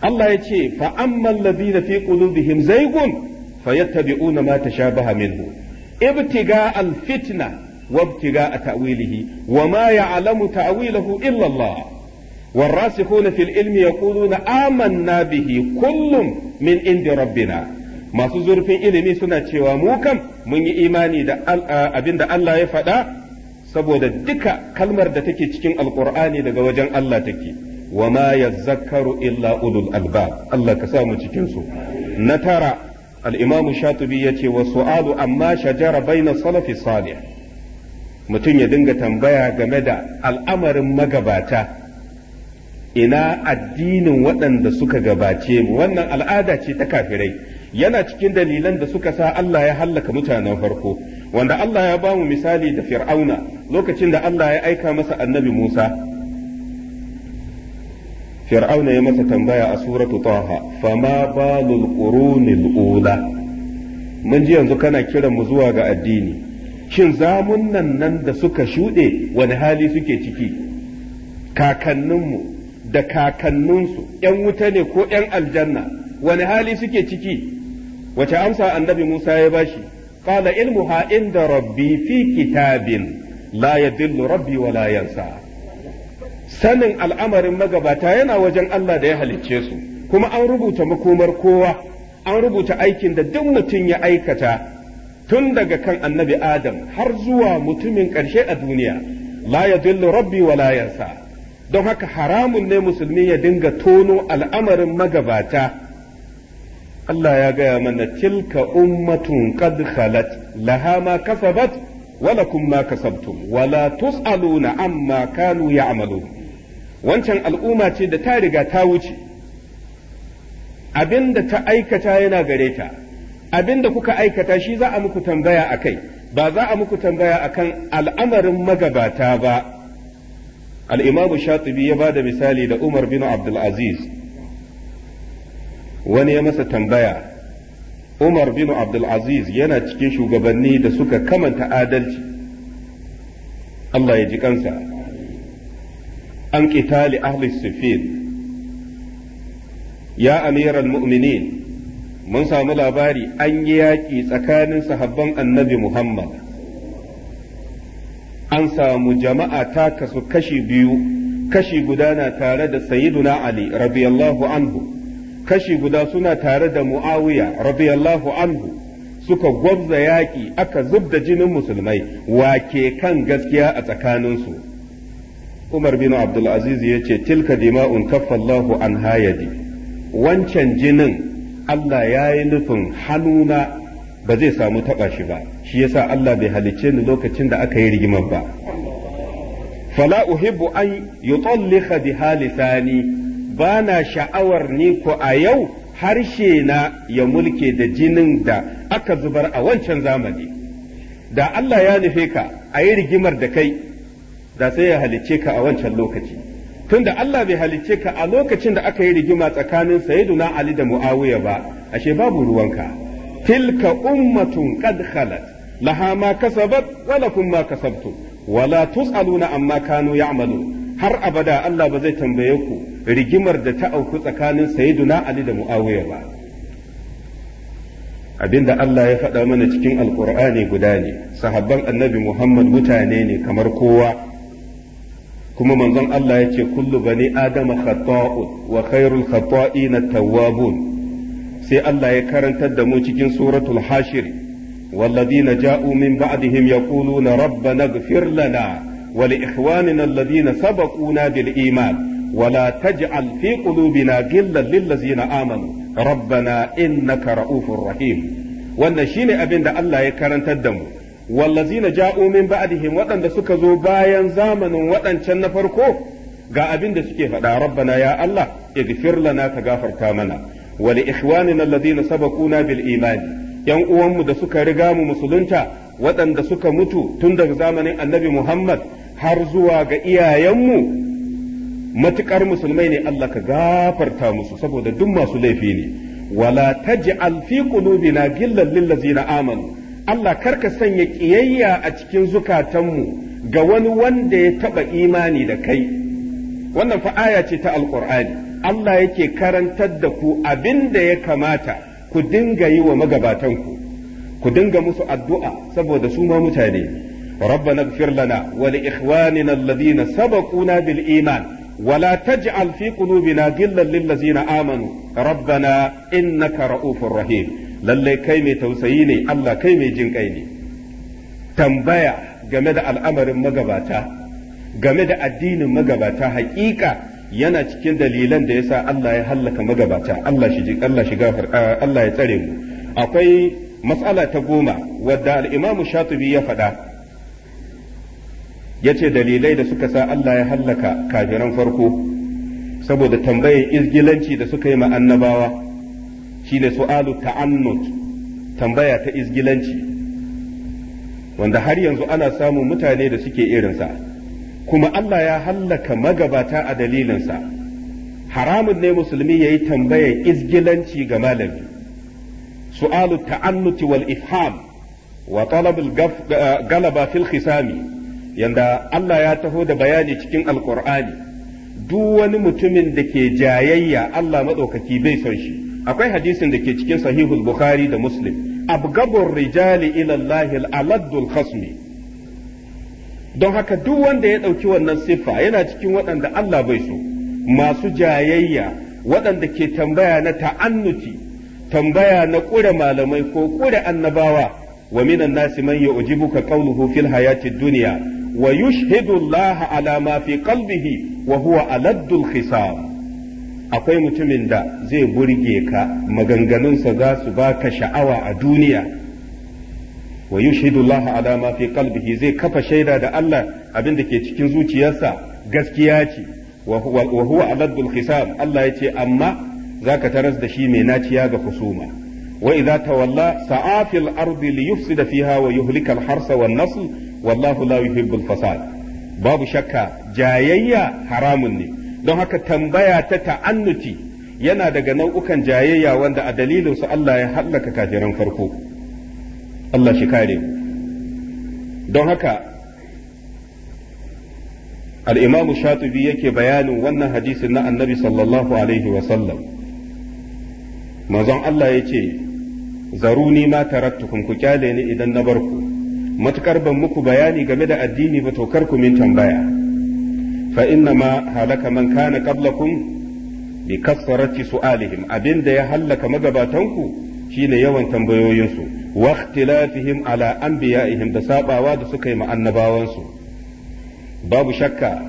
Allah ya ce fa amman ladina fi qulubihim na fayattabi'una ma tashabaha minhu ibtiga alfitna وابتغاء تأويله وما يعلم تأويله إلا الله والراسخون في العلم يقولون آمنا به كل من عند ربنا masu zurfin ilimi suna cewa mu kam mun yi imani da abin da Allah ya faɗa saboda duka kalmar da take cikin Alƙur'ani daga wajen Allah take wa ma yazakkaru illa ulul alba Allah ka sa mu cikin su na tara shatu biyu ya ce wa Alu amma shajara baina salafi salih mutum ya dinga tambaya game da al'amarin magabata ina addinin waɗanda suka gabace mu wannan al'ada ce ta kafirai yana cikin dalilan da suka sa Allah ya hallaka mutanen farko wanda Allah ya bamu misali da fir'auna lokacin da Allah ya aika masa annabi Musa fir'auna ya masa tambaya a suratu taha fama balul qurunil ula mun ji yanzu kana kiran mu zuwa ga addini shin zamunan nan da suka shuɗe wani hali suke ciki kakanninmu da kakanninsu ‘yan wuta ne ko ‘yan aljanna wani hali suke ciki wace amsa annabi Musa ya bashi qala ilmuha inda rabbi fi kitabin la yadillu rabbi wa la sanin al'amarin magabata yana wajen Allah da ya halicce su kuma an rubuta makomar kowa an rubuta aikin da duk mutum ya aikata tun daga kan annabi adam har zuwa mutumin ƙarshe a duniya la yadillu rabbi wa la don haka haramun ne musulmi ya dinga tono al'amarin magabata Allah ya gaya mana tilka ummatun qad khalat laha ma kasabat wa lakum ma kasabtum wa la tus'aluna amma kanu ya'malun wancan al'umma ce da ta riga ta wuce abin da ta aikata yana gare ta abin da kuka aikata shi za a muku tambaya a kai ba za a muku tambaya a kan al'amarin magabata ba al'imamu shatibi ya ba da misali da umar bin abdulaziz wani ya masa tambaya umar bin abdulaziz yana cikin shugabanni da suka kamanta adalci Allah ya ji kansa an qitali ahli sifin ya amiral mu'minin mun samu labari an yi yaƙi tsakanin sahabban annabi muhammad an samu jama'a ta kasu kashi biyu kashi guda na tare da sayyiduna ali radiyallahu anhu kashi guda suna tare da muawiya radiyallahu anhu suka gwabza yaƙi aka zub da jinin musulmai wake kan gaskiya a tsakaninsu Umar bin Abdul Aziz ya ce tilka dima'un Allahu an hayadi wancan jinin Allah ya yi nufin hannuna ba zai samu taɓa shi ba shi yasa Allah bai halicce ni lokacin da aka yi rigimar ba fala uhibbu an yutallikha bi halisani bana sha'awar ni ko a yau harshe na ya mulke da jinin da aka zubar a wancan zamani da Allah ya nufe ka a yi rigimar da kai da sai ya halicce ka a wancan lokaci tunda Allah bai halicce ka a lokacin da aka yi rigima tsakanin sayyiduna Ali da Muawiya ba ashe babu ruwanka tilka ummatun qad khalat laha ma kasabat wa lakum ma kasabtum la tusaluna amma kanu yamalu har abada Allah ba zai tambaye ku rigimar da ta auku tsakanin sayyiduna Ali da Muawiya ba abinda Allah ya faɗa mana cikin alkur'ani guda ne sahabban annabi Muhammad mutane ne kamar kowa kuma manzon Allah ya ce kullu bani adama khata'un wa khairul khata'ina tawwabun sai Allah ya karantar da mu cikin suratul hashir والذين جاءوا من بعدهم يقولون ربنا اغفر لنا ولإخواننا الذين سبقونا بالإيمان ولا تجعل في قلوبنا غلا للذين آمنوا ربنا إنك رؤوف رحيم wannan shine abin da Allah ya karantar da mu wallazina ja'u min ba'dihim waɗanda suka zo bayan zamanin waɗancan na farko ga abin da suke faɗa rabbana ya Allah ighfir lana ka gafarta mana wa li ikhwanina alladhina sabaquna bil iman yan uwanmu da suka riga mu musulunta waɗanda suka mutu tun daga zamanin annabi Muhammad har zuwa ga iyayenmu matukar musulmai ne Allah ka gafarta musu saboda duk masu laifi ne wala taj'al fi qulubina gillan lillazina ladzina amanu Allah karka sanya ƙiyayya a cikin zukatanmu ga wani wanda ya taɓa imani da kai wannan fa aya ce ta alƙur'ani Allah yake karantar da ku abin da ya kamata ku dinga yi wa magabatanku ku dinga musu addu'a saboda su ma mutane ربنا اغفر لنا ولإخواننا الذين سبقونا بالإيمان ولا تجعل في قلوبنا غلا للذين آمنوا ربنا إنك رؤوف رحيم lallai kai mai tausayi ne Allah kai mai jin kai ne tambaya game da al'amarin magabata game da addinin magabata haƙiƙa yana cikin dalilan da yasa Allah ya hallaka magabata Allah shi Allah shi gafar ah, Allah ya tsare mu akwai matsala ta goma wadda al-Imam Shatibi ya faɗa yace dalilai da suka sa Allah ya hallaka kafiran farko saboda tambayar izgilanci da suka yi ma annabawa shine su'alu ta'annut tambaya ta izgilanci wanda har yanzu ana samun mutane da suke irin sa, kuma Allah ya hallaka magabata a dalilinsa haramun ne musulmi ya yi tambayar izgilanci ga malami su'alu ta'annuti wal ifham wa talabul galaba fil khisami yanda Allah ya taho da bayani cikin alqur'ani duk wani mutumin da ke jayayya Allah maɗaukaki bai son shi akwai hadisin da ke cikin sahihul bukhari da muslim abgabur rijali ila Allah khasmi don haka duk wanda ya ɗauki wannan siffa yana cikin waɗanda Allah bai so masu jayayya waɗanda ke tambaya na ta'annuti tambaya na ƙure malamai ko ƙure annabawa wa minan nasi man yu'jibuka qawluhu fil hayati duniya wa yushhidu Allah ala ma fi qalbihi wa huwa aladdul khisam akwai mutumin da zai burge ka maganganunsa za su baka sha'awa a duniya wa yushhidullaha ala ma fi qalbihi zai kafa shaida da Allah abin da ke cikin zuciyarsa gaskiya ce wa huwa Allah hisab Allah yace amma zaka taras da shi mai naciya ga kusuma wa idza tawalla sa'afil fil ardi li yufsida fiha wa yuhlikal harsa wan nasl wallahu la yuhibbul fasad babu shakka jayayya haramun ne don haka tambaya ta ta'annuti yana daga nau'ukan jayayya wanda a dalilinsu Allah ya hallaka kafiran farko Allah shi kare don haka al'imamu shatubi yake bayanin wannan hadisin na annabi sallallahu alaihi sallam, manzon Allah ya ce zaruni ma taraktukum ku kyale ni idan na barku matukar ban muku bayani game da addini ba to kar ku min tambaya fa inna ma halaka man kana qablakum bi kasrati su'alihim abinda ya hallaka magabatanku shine yawan tambayoyinsu wa ikhtilafihim ala anbiya'ihim da sabawa da suka yi ma annabawansu babu shakka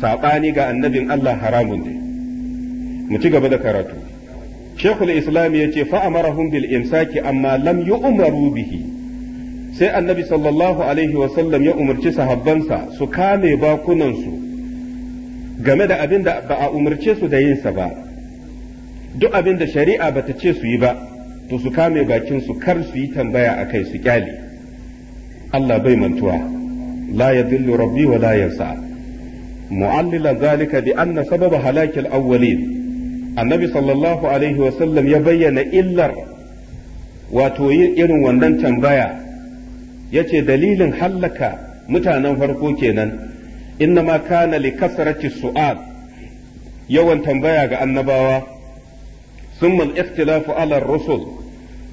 sabani ga annabin Allah haramun ne mu ci gaba da karatu shekul islam ya ce fa'amarahun bil imsaki amma lam yi umaru sai annabi sallallahu alaihi wasallam ya umarci sahabbansa su kame bakunansu game da abin da ba a umarce su da yinsa ba duk abin da shari'a bata ce su yi ba to su kame bakin su kar su yi tambaya a kai su kyale Allah bai mantuwa la yadillu rabbi wa la yansa mu'allilan zalika bi anna sababa halakil awwalin annabi sallallahu alaihi wa sallam ya bayyana illar wato yin irin wannan tambaya yace dalilin hallaka mutanen farko kenan innama kana li kasrati su'al yawan tambaya ga annabawa summa al-ikhtilafu ala rusul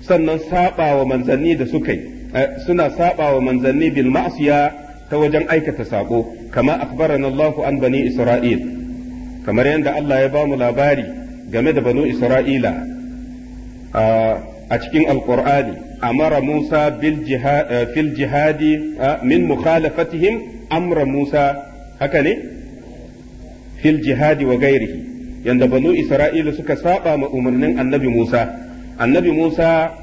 sannan sabawa manzanni da suka yi eh, suna sabawa manzanni bil ma'siya ta wajen aikata sako kama akhbarana Allah an bani Isra'il kamar yadda Allah ya ba mu labari game da banu Isra'ila a cikin alqur'ani amara Musa eh, fil jihadi eh, min mukhalafatihim amra Musa haka ne fil jihadi wa gairihi yanda banu isra'ila suka saba ma umarnin annabi musa annabi musa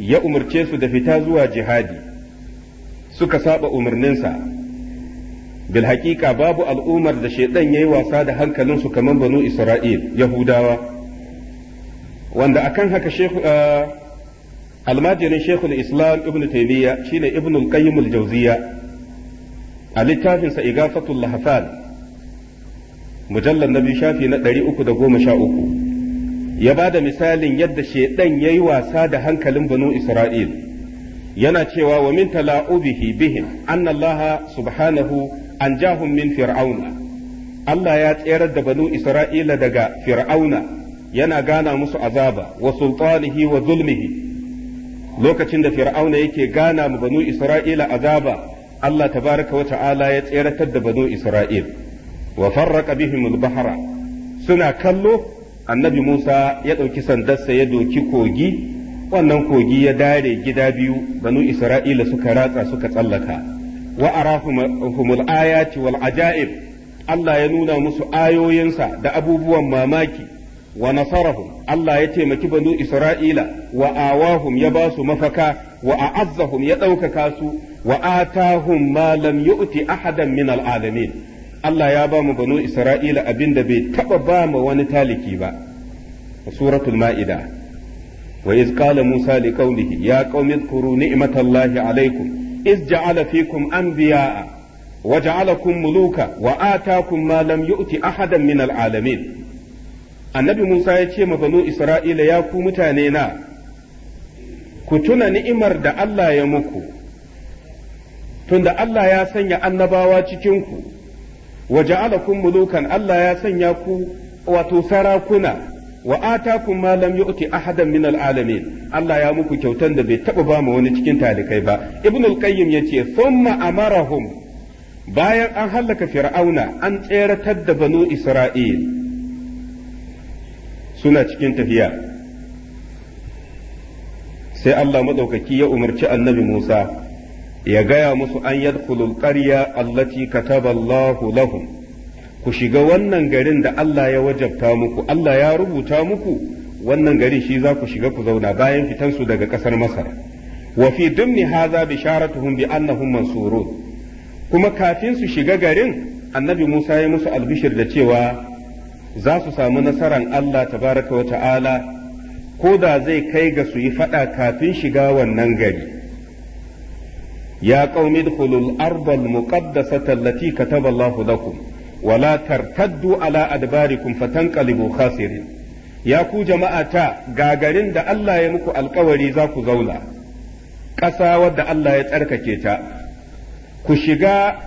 ya umarce su da fita zuwa jihadi suka saba umarninsa bil haƙiƙa babu al'ummar da shaidan ya yi wasa da hankalinsu kamar banu isra'il yahudawa wanda akan haka shekhu uh, almajirin shekul islam ibn taimiyya shine ibn al-qayyim al-jawziya a littafinsa igafatul lahfal mujallar na biyu shafi na uku ya ba da misalin yadda shaidan ya yi wasa da hankalin banu isra'il yana cewa wa min tala'ubihi bihim annallaha subhanahu an jahun min fir'auna Allah ya tserar da banu isra'ila daga fir'auna yana gana musu azaba wa sultanihi wa zulmihi lokacin da fir'auna yake gana mu banu isra'ila azaba Allah tabaraka wa ta'ala ya tseratar da banu Isra'il wa farraqa bihim al-bahra suna kallo annabi Musa ya ɗauki sandarsa ya doki kogi wannan kogi ya dare gida biyu banu Isra'ila suka ratsa suka tsallaka wa arahumul ayati wal ajaib Allah ya nuna musu ayoyinsa da abubuwan mamaki wa nasarahu Allah ya taimaki banu Isra'ila wa awahum ya basu mafaka wa a'azzahum ya ɗaukaka su wa atahum ma lam yu'ti ahadan min al'alamin Allah ya bamu banu Isra'ila abinda bai taba ba mu wani taliki ba suratul ma'ida wa iz Musa liqaumihi ya qaumi dhkuru ni'matallahi alaykum iz ja'ala fikum anbiya'a wa ja'alakum muluka wa atakum ma lam yu'ti ahadan min al'alamin annabi Musa ya ce ma banu Isra'ila ya ku mutane na ku tuna ni'imar da Allah ya muku tunda Allah ya sanya annabawa cikin ku wa kun mulukan Allah ya sanya ku wato sarakuna wa atakum ma lam yu'ti ahadan min alalamin Allah ya muku kyautan da bai taɓa ba mu wani cikin talikai ba ibnul qayyim summa a amarahum bayan an hallaka fir'auna an tseratar da banu isra'il suna cikin tafiya sai Allah maɗaukaki ya umarci annabi Musa ya gaya musu an yadkhulul qarya allati kataballahu lahum ku shiga wannan garin da Allah ya wajabta muku Allah ya rubuta muku wannan garin shi za ku shiga ku zauna bayan fitan su daga ƙasar Masar wa fi dumni hadha bisharatuhum bi annahum mansurun kuma kafin su shiga garin annabi Musa ya musu albishir da cewa za su samu nasaran Allah tabaraka wa ta'ala ko da zai kai ga su yi faɗa kafin shiga wannan gari ya qaumi dkhulul ardal muqaddasata allati kataba Allahu lakum wala tartaddu ala adbarikum fatanqalibu khasirin ya ku jama'a ta gagarin da Allah ya muku alkawari za ku zauna ƙasa wadda Allah ya tsarkake ta ku shiga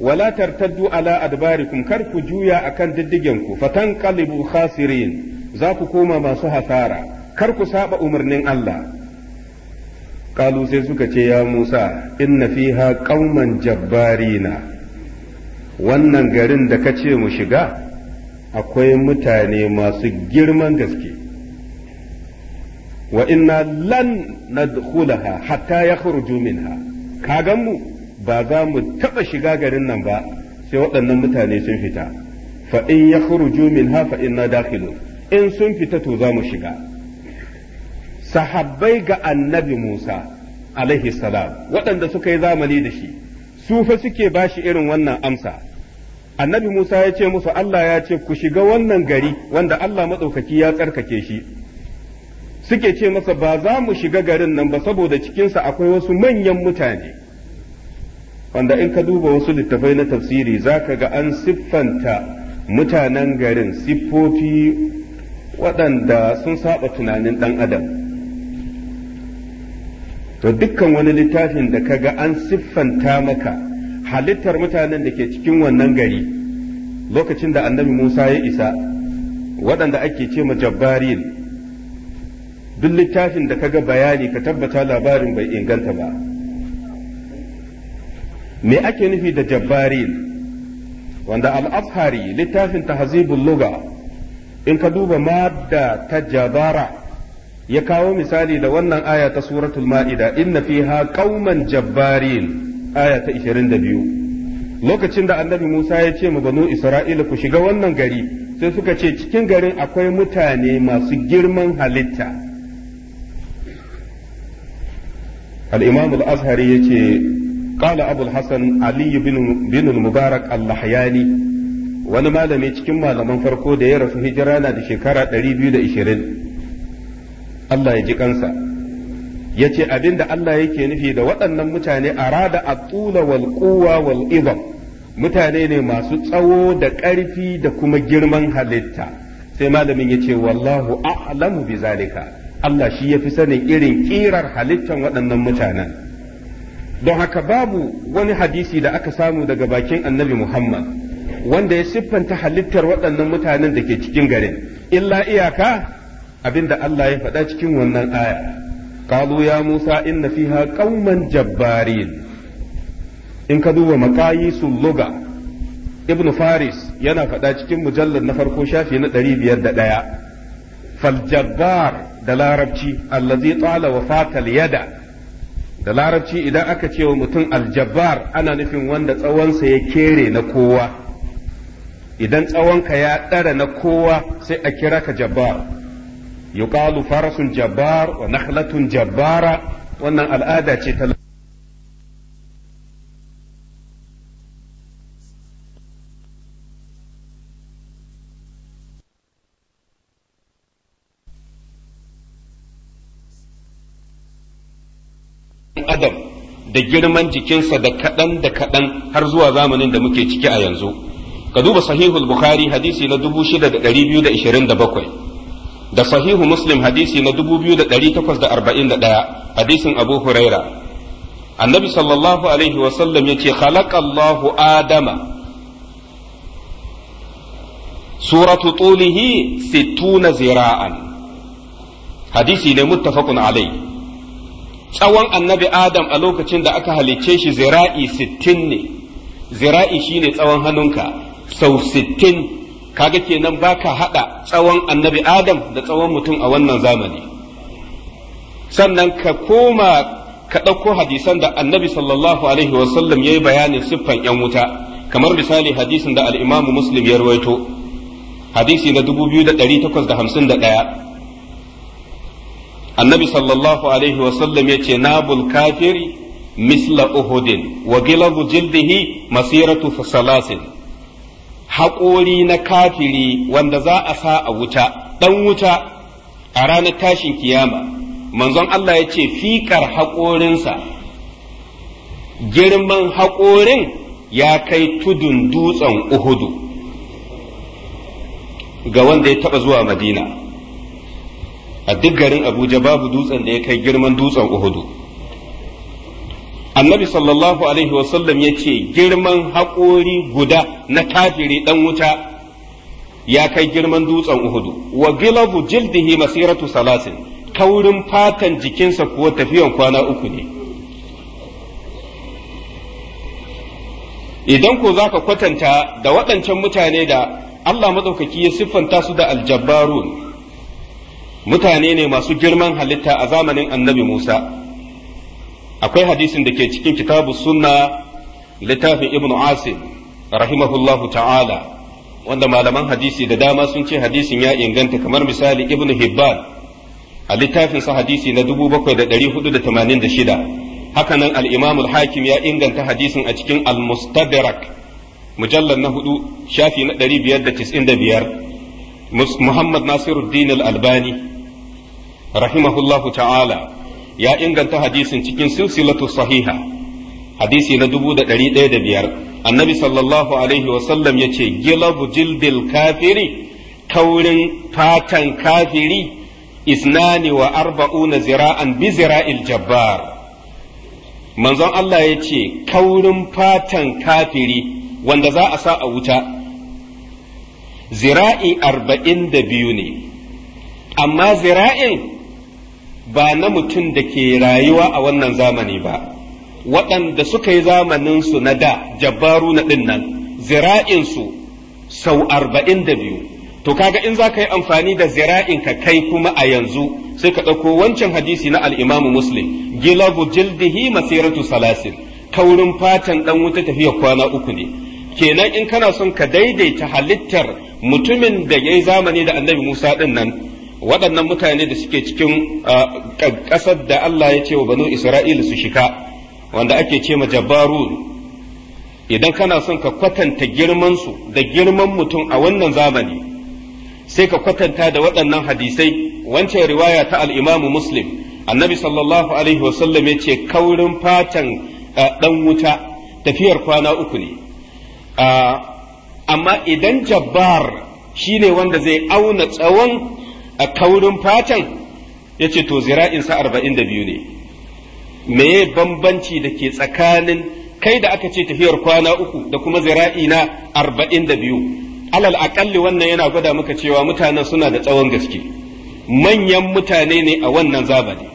wala tartaddu ala adbarikum kar ku juya akan diddigen ku fatanqalibu khasirin za ku koma masu hasara kar ku saɓa umarnin Allah qalu sai suka ce ya Musa inna fiha qauman na wannan garin da kace mu shiga akwai mutane masu girman gaske wa inna lan nadkhulaha hatta yakhruju ka kagan mu ba za mu taɓa shiga garin nan ba sai waɗannan mutane sun fita fa in ya khuruju ha fa inna dakhilu in sun fita to za mu shiga sahabbai ga annabi Musa alaihi salam waɗanda suka yi zamani da shi su fa suke bashi irin wannan amsa annabi Musa ya ce musu Allah ya ce ku shiga wannan gari wanda Allah maɗaukaki ya tsarkake shi suke ce masa ba za mu shiga garin nan ba saboda cikinsa akwai wasu manyan mutane wanda in ka duba wasu littafai na tafsiri za ka ga an siffanta mutanen garin siffofi waɗanda sun saba tunanin ɗan adam to dukkan wani littafin da ka ga an siffanta maka halittar mutanen da ke cikin wannan gari lokacin da annabi musa ya isa waɗanda ake ce majabbarin duk littafin da ka ga bayani ka tabbata labarin bai inganta ba me ake nufi da jabbarin, wanda al-azhari littafin tahzibul lugha in ka duba madda ta jabara ya kawo misali da wannan aya ta suratul ma'ida inna fiha qauman jabbarin aya ta 22 lokacin da annabi Musa ya ce ma banu Isra'ila ku shiga wannan gari sai suka ce cikin garin akwai mutane masu girman halitta al ashari azhari yace قال Abulhassan Aliyu علي mubarak Allah المبارك اللحياني wani malami cikin malaman farko da ya rasu hijira na da shekara 220 Allah ya ji kansa ya ce abinda Allah yake nufi da waɗannan mutane arada a tsula wal kuwa mutane ne masu tsawo da ƙarfi da kuma girman halitta sai malamin ya ce wallahu a'lamu bi zalika Allah shi ya fi sanin irin ƙirar halittan waɗannan mutanen don haka babu wani hadisi da aka samu daga bakin annabi Muhammad wanda ya siffanta halittar waɗannan mutanen da ke cikin garin illa iyaka abinda Allah ya faɗa cikin wannan aya qalu ya Musa inna fiha qauman jabbarin in ka duba maqayisul luga ibnu faris yana faɗa cikin mujallar na farko shafi na 501 fal jabbar da larabci allazi tala wa fatal yada da larabci idan aka ce wa mutum aljabbar ana nufin wanda tsawonsa ya kere na kowa idan tsawonka ya ɗara na kowa sai a kira ka jabbar yuqalu farasun jabbar wa nakhlatun jabbara wannan al'ada ce ta adam da girman jikinsa da kaɗan da kaɗan har zuwa zamanin da muke ciki a yanzu ka duba sahihul bukhari hadisi na 6227 da sahihu muslim hadisi na 2841 hadisin abu huraira annabi sallallahu alaihi wasallam ya ce khalaqallahu adama suratu tulihi sittuna zira'an hadisi ne muttafaqun alai tsawon annabi adam a lokacin da aka halicce shi zira'i sittin ne zira'i shine tsawon hannunka sau sittin kaga kenan baka haɗa tsawon annabi adam da tsawon mutum a wannan zamani sannan ka koma ka ɗauko hadisan da annabi sallallahu alaihi wasallam ya yi bayanin siffan 'yan wuta kamar misali hadisin da al'imamu muslim ya rawaito hadisi na 2851 annabi sallallahu alaihi wasallam ya ce nabul kafiri misla uhudin wa gilabu jildihi masiratu salasin haƙori na kafiri wanda za a sa a wuta ɗan wuta a ranar tashin kiyama manzon Allah ya ce fiƙar haƙorinsa girman haƙorin ya kai tudun dutsen uhudu ga wanda ya taɓa zuwa madina a duk garin abuja babu dutsen da ya kai girman dutsen uhudu annabi sallallahu alaihi wasallam ya ce girman haƙori guda na kafiri ɗan wuta ya kai girman dutsen uhudu wa gilabu jildihi masiratu salasin kaurin fatan jikinsa kuwa tafiyan kwana uku ne idan ko za ka kwatanta da waɗancan mutane da allah maɗaukaki ya siffanta su da aljabbarun mutane ne masu girman halitta a zamanin annabi Musa akwai hadisin da ke cikin kitabu sunna littafin ibnu asim rahimahullahu ta'ala wanda malaman hadisi da dama sun ce hadisin ya inganta kamar misali ibnu hibban a littafinsa hadisi na 7486 hakanan al-imam hakim ya inganta hadisin a cikin al mujallar mujallal na hudu shafi na 595 muhammad nasiruddin al-albani rahimahullahu ta'ala ya inganta hadisin cikin silsilatu sahiha hadisi na dubu da ɗari ɗaya da biyar annabi sallallahu alaihi wasallam ya ce gilabu jildil kafiri kaurin fatan kafiri isnani wa arba'una zira'an bi zira'il jabbar manzon Allah ya ce kaurin fatan kafiri wanda za a sa a wuta zira'i arba'in da biyu ne amma zira'in ba na mutum da ke rayuwa a wannan zamani ba waɗanda suka yi zamaninsu na da jabaru na ɗin nan zira'insu sau arba'in da biyu to kaga in za ka yi amfani da zira'in ka kai kuma a yanzu sai ka ɗauko wancan hadisi na al'imamu muslim gilabu jildihi masiratu salasin kaurin fatan ɗan wuta tafiya kwana uku ne kenan in kana son ka daidaita halittar mutumin da ya yi zamani da annabi musa ɗin nan waɗannan mutane da suke cikin ƙasar da Allah ya ce wa banu Isra'ila su shika wanda ake ce ma jabaru idan kana son ka kwatanta girmansu da girman mutum a wannan zamani sai ka kwatanta da waɗannan hadisai wancan riwaya ta al'imamu muslim annabi sallallahu alaihi wasallam ya ce kaurin fatan ɗan wuta tafiyar kwana uku ne amma idan jabbar shine wanda zai auna tsawon a kaurin fatan ya ce to zira'insa arba'in da biyu ne meye bambanci da ke tsakanin kai da aka ce tafiyar kwana uku da kuma zira'i na arba'in da biyu alal aƙalli wannan yana gwada maka cewa mutanen suna da tsawon gaske manyan mutane ne a wannan zabani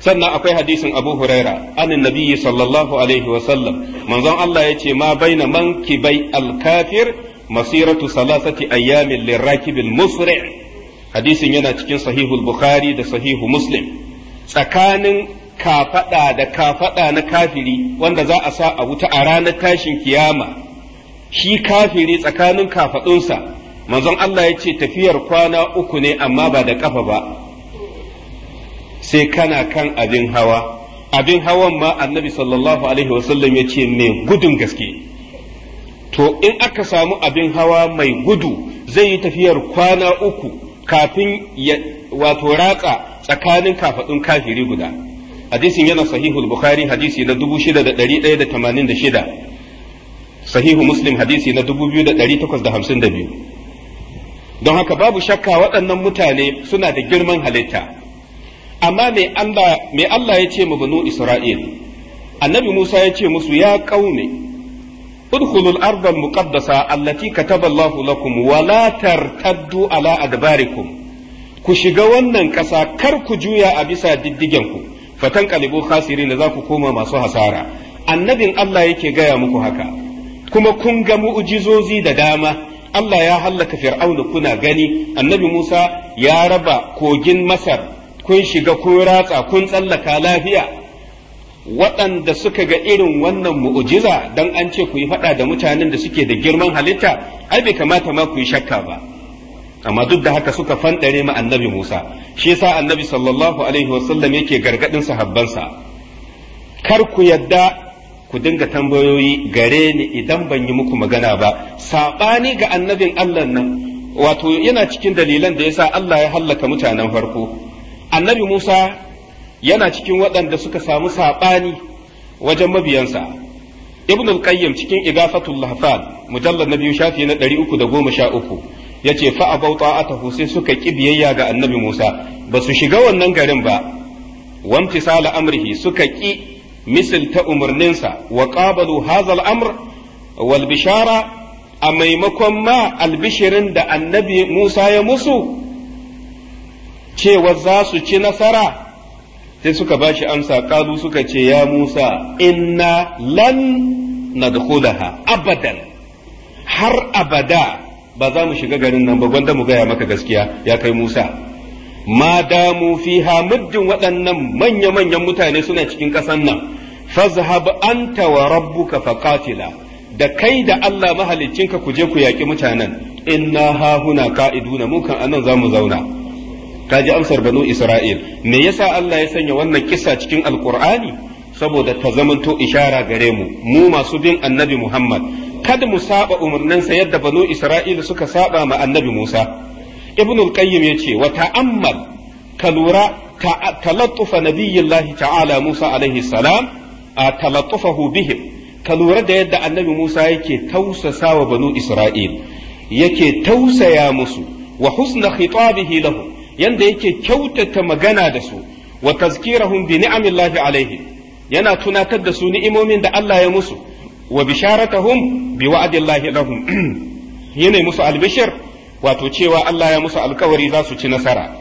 sannan akwai hadisin abu huraira anin nabiyyi sallallahu alaihi wasallam manzon Allah ya ce ma baina mankibai alkafir masiratu salasati ayyamin lirakibil musri' hadisin yana cikin sahihul bukhari da sahihu muslim tsakanin kafaɗa da kafaɗa na kafiri wanda za a sa a wuta a ranar tashin kiyama shi kafiri tsakanin kafaɗunsa manzon Allah yace tafiyar kwana uku ne amma ba da kafa ba sai kana kan abin hawa abin hawan ma annabi sallallahu alaihi wasallam ya ce mai gudun gaske to in aka samu abin hawa mai gudu zai yi tafiyar kwana uku kafin ya wato ratsa tsakanin kafadun kafiri guda hadisin yana sahihul bukhari hadisi na 6186 sahihu muslim hadisi na 2852 don haka babu shakka waɗannan mutane suna da girman halitta amma me Allah ya ce mu banu Isra'il annabi Musa ya ce musu ya ƙaume ادخلوا الأرض المقدسة التي كتب الله لكم ولا ترتدوا على أدباركم ku shiga wannan ƙasa kar ku juya a bisa diddigenku fatan kalibu khasiri na za ku koma masu hasara annabin Allah yake gaya muku haka kuma kun ga mu'ujizozi da dama Allah ya hallaka fir'auna kuna gani annabi Musa ya raba kogin Masar kun shiga kun ratsa kun tsallaka lafiya waɗanda suka ga irin wannan mu'ujiza don an ce ku yi faɗa da mutanen da suke da girman halitta ai bai kamata ma ku yi shakka ba amma duk da haka suka fanɗare ma annabi Musa shi yasa annabi sallallahu alaihi wasallam yake gargaɗin sahabbansa kar ku yadda ku dinga tambayoyi gare ni idan ban yi muku magana ba saɓani ga annabin Allah nan wato yana cikin dalilan da yasa Allah ya hallaka mutanen farko annabi Musa yana cikin waɗanda suka samu saɓani wajen mabiyansa ibn al-qayyim cikin igafatul lahfan mujallad na biyu shafi na 313 yace fa abau ta'atahu sai suka ki biyayya ga annabi Musa ba su shiga wannan garin ba wamtisala amrihi suka ki ta umarninsa wa qabalu hazal amr wal bishara a maimakon ma albishirin da annabi Musa ya musu cewa za su ci nasara sai suka ba shi amsa ƙalu suka ce ya Musa inna lan nadkhulaha abadan har abada ba za mu shiga garin nan ba gwanda mu gaya maka gaskiya ya kai Musa ma damu fiha muddin waɗannan manya-manyan mutane suna cikin ƙasan nan fazhab anta wa rabbuka faqatila da kai da Allah mahalicinka ku je ku yaƙi mutanen inna hahuna ka'iduna mu mukan anan za mu zauna kaji amsar banu isra'il me yasa Allah ya sanya wannan kisa cikin alqur'ani saboda ta zamanto ishara gare mu mu masu bin annabi Muhammad kada mu saba umarninsa yadda banu Isra'il suka saba ma annabi Musa ibn al-qayyim yace wa ta'ammal ka lura talattufa nabiyillahi ta'ala Musa alaihi salam a talattufahu bihim ka lura da yadda annabi Musa yake tausasa wa banu Isra'il yake tausaya musu wa husna khitabihi lahum yanda yake kyautata magana da su wa tazkirahum bi ni'amillahi alaihi yana tunatar da su ni'imomin da Allah ya musu wa bisharatahum bi wa'dillahi lahum yana musu albishir wato cewa Allah ya musu alkawari za su ci nasara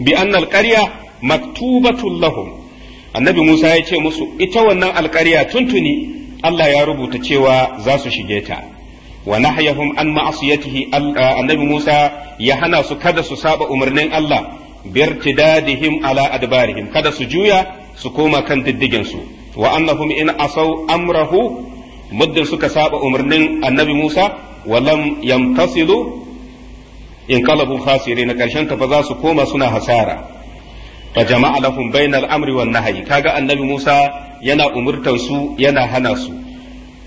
bi anna alqarya maktubatul lahum annabi Musa ya ce musu ita wannan alqarya tuntuni Allah ya rubuta cewa za su shige ta wa nahyahum an ma'asiyatihi uh, annabi Musa ya hana su kada su saba umarnin Allah birtidadihim ala adbarihim kada su juya su koma kan diddigen wa annahum in asau amrahu muddin suka saba umarnin annabi Musa wa lam yamtasilu in qalabu khasirin karshen ta fa su koma suna hasara fa jama'a lahum bainal amri wan nahyi kaga annabi Musa yana umurtar su yana hana su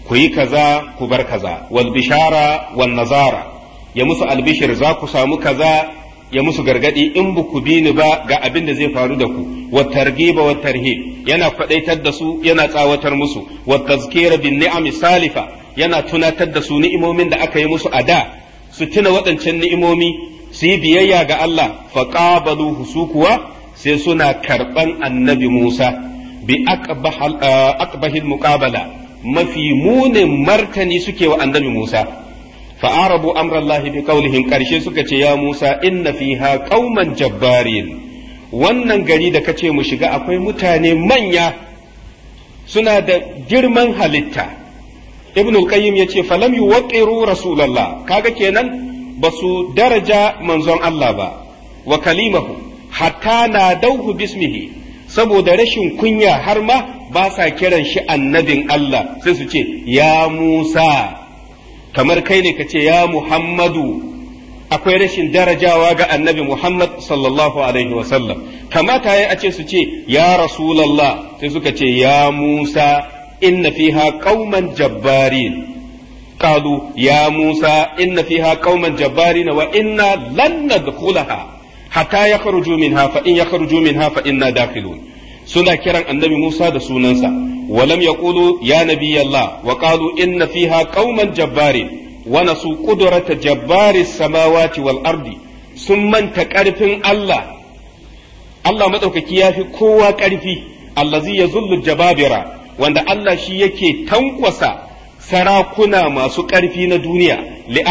ku yi kaza ku bar kaza wal bishara nazara ya musu albishir za ku samu kaza ya musu gargadi in ba ku bi ni ba ga abin da zai faru da ku wa targiba wa tarhib yana kwadaitar da su yana tsawatar musu wa tazkira bin ni'ami salifa yana tunatar da su ni'imomin da aka yi musu a da su tuna waɗancan ni'imomi su yi biyayya ga Allah fa su kuwa sai suna karban annabi Musa bi aqbahil muqabala mafi munin martani suke wa annabi Musa fa arabu Allah bi qawlihim karshe suka ce ya Musa inna fiha qauman jabbarin wannan gari da kace mu shiga akwai mutane manya suna da girman halitta ibn al-qayyim yace falam yuqiru rasulullah kaga kenan ba su daraja manzon Allah ba wa kalimahu hatta na dauhu bismihi saboda rashin kunya har ma ba sa kiran shi annabin Allah sai su ce ya Musa kamar kai ne ka ce ya Muhammadu akwai rashin darajawa ga annabi Muhammad sallallahu alaihi wasallam kamata ya a ce su ce ya Rasulallah sai suka ce ya Musa inna fiha qauman jabbarin قالوا يا موسى إن فيها قوما جبارين وإنا لن ندخلها حتى يخرجوا منها فإن يخرجوا منها فإنا داخلون suna kiran annabi Musa da sunansa walam yaqulu ya nabiyallah wa qalu inna fiha qauman jabbarin wa nasu qudrata jabbaris samawati wal ardi sun manta karfin Allah Allah madaukaki ya fi kowa karfi allazi yazullu jababira wanda Allah shi yake tankwasa sarakuna masu karfi na duniya li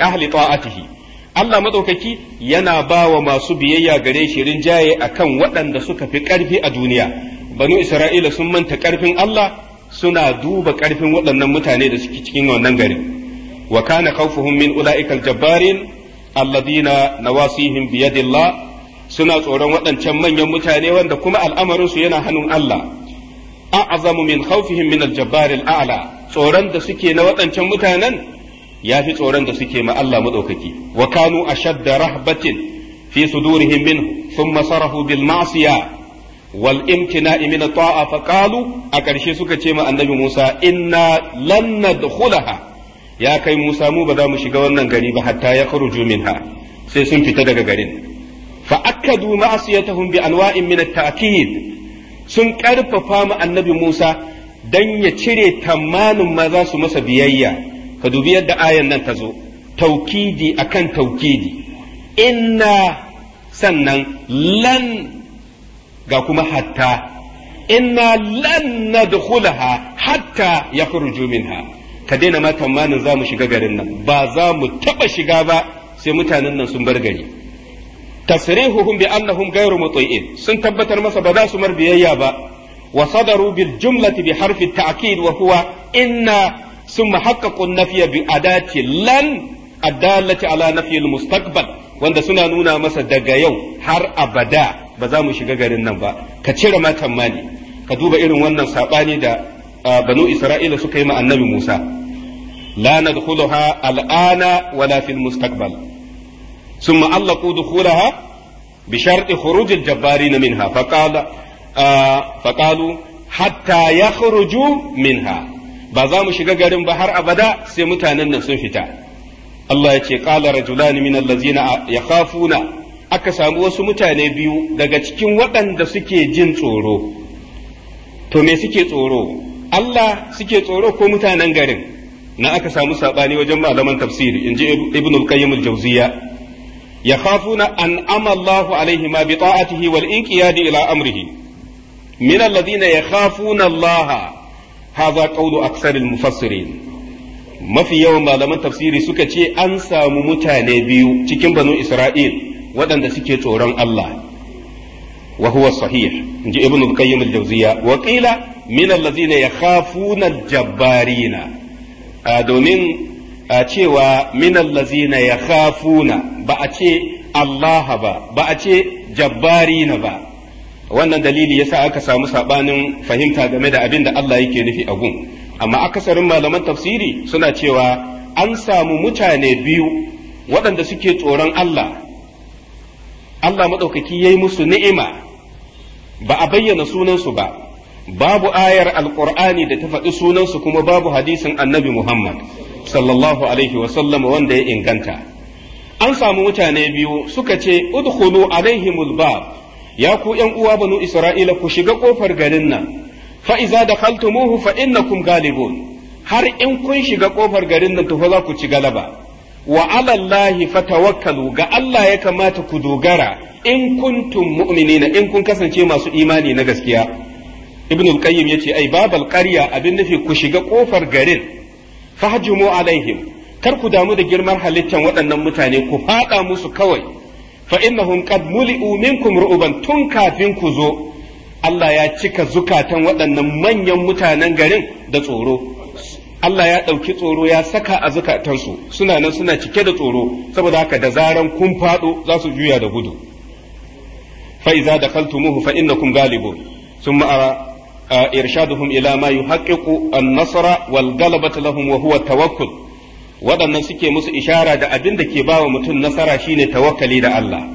ahli ta'atihi Allah madaukaki yana ba wa masu biyayya gare shi rinjaye akan waɗanda suka fi ƙarfi a duniya banu isra'ila sun manta ƙarfin Allah suna duba ƙarfin waɗannan mutane da suke cikin wannan gari wa kana khawfuhum min ulaikal jabbarin alladina nawasihim biyadillah suna tsoron waɗancan manyan mutane wanda kuma al'amarin su yana hannun Allah a'zamu min khawfihim min al-jabbaril a'la tsoron da suke na waɗancan mutanen ya fi tsoron da suke ma Allah maɗaukaki wa kanu shadda rahbatin fi sudurihim min thumma sarahu bil ma'siya wal imtina'i min ta'a fa qalu a ƙarshe suka ce ma annabi Musa inna lan nadkhulaha ya kai Musa mu ba za mu shiga wannan gari ba hatta ya kharuju minha sai sun fita daga garin fa akkadu ma'asiyatahum bi anwa'in min at-ta'kid sun karfafa ma annabi Musa dan ya cire tamanin maza su masa biyayya ka dubi yadda ayan nan ta zo taukidi akan taukidi inna sannan lan ga kuma hatta inna lan nadkhulaha hatta yakhruju minha ka daina ma tamanin za mu shiga garin nan ba za mu taba shiga ba sai mutanen nan sun bar gari tasrihuhum bi annahum ghayru muti'in sun tabbatar masa ba za su mar biyayya ba wa sadaru bil jumlati bi harfi ta'kid wa huwa inna ثم حققوا النفي بأداة لن الدالة على نفي المستقبل wanda suna nuna masa daga yau har abada ba za mu shiga garin nan ba ka cire ma mani. ka duba irin wannan saɓani da banu isra'ila suka yi ma annabi musa la nadkhuluha al'ana wala fil mustaqbal summa allaqu dukhulaha bi sharti khuruj al jabbarin minha faqala hatta yakhruju minha ba za mu shiga garin ba har abada sai mutanen nan sun fita Allah ya ce qala rajulani min allazina yakhafuna aka samu wasu mutane biyu daga cikin waɗanda suke jin tsoro to me suke tsoro Allah suke tsoro ko mutanen garin na aka samu sabani wajen malaman tafsiri inji ibnu al-qayyim al-jawziya yakhafuna an amallahu alaihi ma bi ta'atihi wal inqiyadi ila amrihi min allazina yakhafuna Allah haza qawlu aksaril mufassirin mafi yawan malaman tafsiri suka ce an samu mutane biyu cikin banu isra'il waɗanda suke tsoron Allah wa huwa sahih inji ibn al-qayyim al-jawziya wa qila min allazina yakhafuna al-jabbarina domin a cewa min allazina yakhafuna ba a ce Allaha ba ba a ce jabbarina ba wannan dalili yasa aka samu sabanin fahimta game da abin da Allah yake nufi a gun amma akasarin malaman tafsiri suna cewa an samu mutane biyu waɗanda suke tsoron Allah Allah maɗaukaki ya yi musu ni'ima ba a bayyana sunansu ba babu ayar alƙur'ani da ta faɗi sunansu kuma babu hadisin annabi Muhammad sallallahu alaihi wa sallam wanda ya inganta an samu mutane biyu suka ce udkhulu alaihimul bab ya ku ’yan uwa banu Isra'ila ku shiga ƙofar garin nan, fa'iza da kaltumuhu fa'innakum galibun, har in kun shiga ƙofar garin nan tufa za ku ci galaba. Wa alallahi fatawakkalu ga Allah ya kamata ku dogara in kuntum mu'minina in kun kasance masu imani na gaskiya. Ibn al-Qayyim yace ai babal qarya abin nufi ku shiga ƙofar garin fahjumu alaihim kar ku damu da girman halittar waɗannan mutane ku faɗa musu kawai fa innahum qad muli'u minkum ru'uban tun kafin ku zo Allah ya cika zukatan waɗannan manyan mutanen garin da tsoro Allah ya ɗauki tsoro ya saka a zukatansu suna nan suna cike da tsoro saboda haka da zaran kun faɗo za su juya da gudu fa iza dakhaltumuhu fa innakum ghalibun thumma ara إرشادهم an ما wal النصر والغلبة لهم وهو التوكل waɗannan suke musu ishara da abin da ke ba wa mutum nasara shine tawakkali da Allah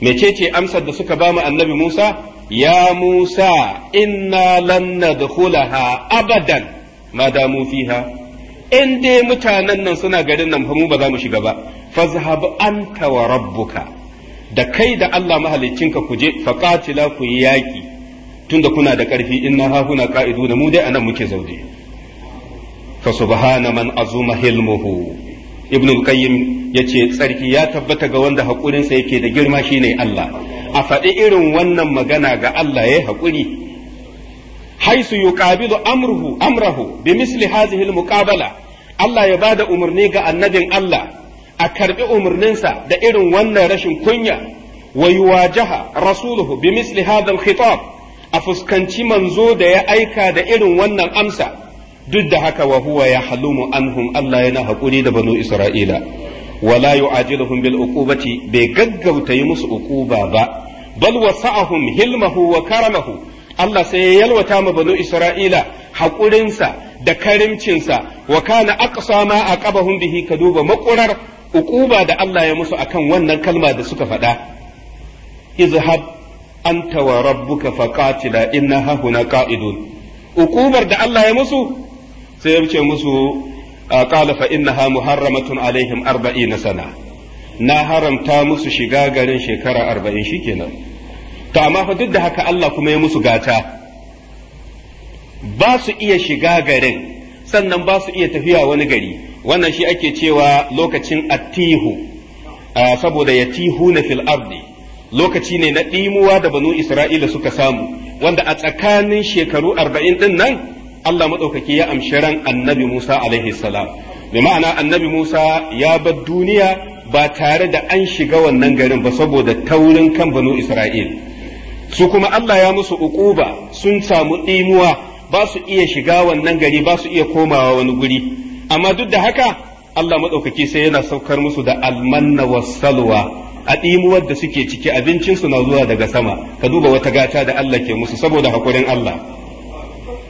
mecece amsar da suka ba mu annabi Musa ya Musa inna lan nadkhulaha abadan ma fiha in dai mutanen nan suna garin nan mu ba za mu shiga ba fazhab anta wa rabbuka da kai da Allah mahaliccinka ku je faqatila ku yaki tunda kuna da ƙarfi inna ha ƙa'idu da mu dai anan muke zaune fa subhana man azuma hilmuhu ibn yace tsarki ya tabbata ga wanda hakurinsa yake da girma shine Allah a faɗi irin wannan magana ga Allah yayi hakuri haisu yuqabilu amruhu amrahu bi misli hadhihi muqabala Allah ya bada umarni ga annabin Allah a karbi umarninsa da irin wannan rashin kunya wa wajaha rasuluhu bi misli hadha khitab a fuskanci manzo da ya aika da irin wannan amsa duk da haka wa huwa ya halumu anhum Allah yana haƙuri da banu Isra'ila wala yu'ajiluhum bil uqubati bai gaggauta yi musu uquba ba bal wasa'ahum hilmahu wa karamahu Allah sai ya yalwata ma banu Isra'ila haƙurinsa da karimcinsa wa kana aqsa ma aqabahum bihi kaduba maƙurar uquba da Allah ya musu akan wannan kalma da suka faɗa izhab anta wa rabbuka faqatila inna hahuna qa'idun uqubar da Allah ya musu sai ya ce musu qala fa innaha muharramatun alaihim na sana na haramta musu shiga garin shekara arba'in shi kenan to amma fa duk da haka Allah kuma ya musu gata ba su iya shiga garin sannan ba su iya tafiya wani gari wannan shi ake cewa lokacin attihu saboda ya tihu na fil ardi lokaci ne na ɗimuwa da banu Isra'ila suka samu, wanda a tsakanin shekaru arba'in ɗin nan Allah maɗaukaki ya amshi ran annabi Musa alaihi salam bi ma'ana annabi Musa ya bar duniya ba tare da an shiga wannan garin ba saboda taurin kan banu Isra'il su kuma Allah ya musu uquba sun samu ɗimuwa ba su iya shiga wannan gari ba su iya komawa wani guri amma duk da haka Allah maɗaukaki sai yana saukar musu da almanna salwa a ɗimuwar da suke ciki abincinsu na zuwa daga sama ka duba wata gata da Allah ke musu saboda haƙurin Allah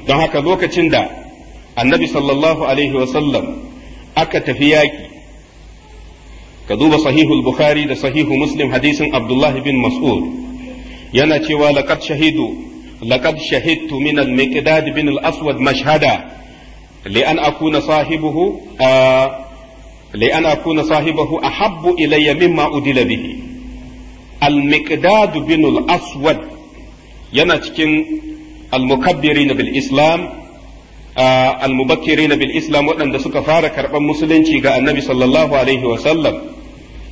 don haka lokacin da annabi sallallahu alaihi wasallam aka tafi yaƙi ka duba sahihul bukhari da sahihu muslim hadisin abdullahi bin mas'ud yana cewa laqad shahidu laqad shahidtu min al-miqdad bin al-aswad mashhada لأن أكون صاحبه آه لأن أكون صاحبه أحب إلي bihi al به bin بن الأسود yana cikin al-mukabbirin bil islam al-mubakkirin bil islam waɗanda suka fara karɓar musulunci ga annabi sallallahu alaihi wa sallam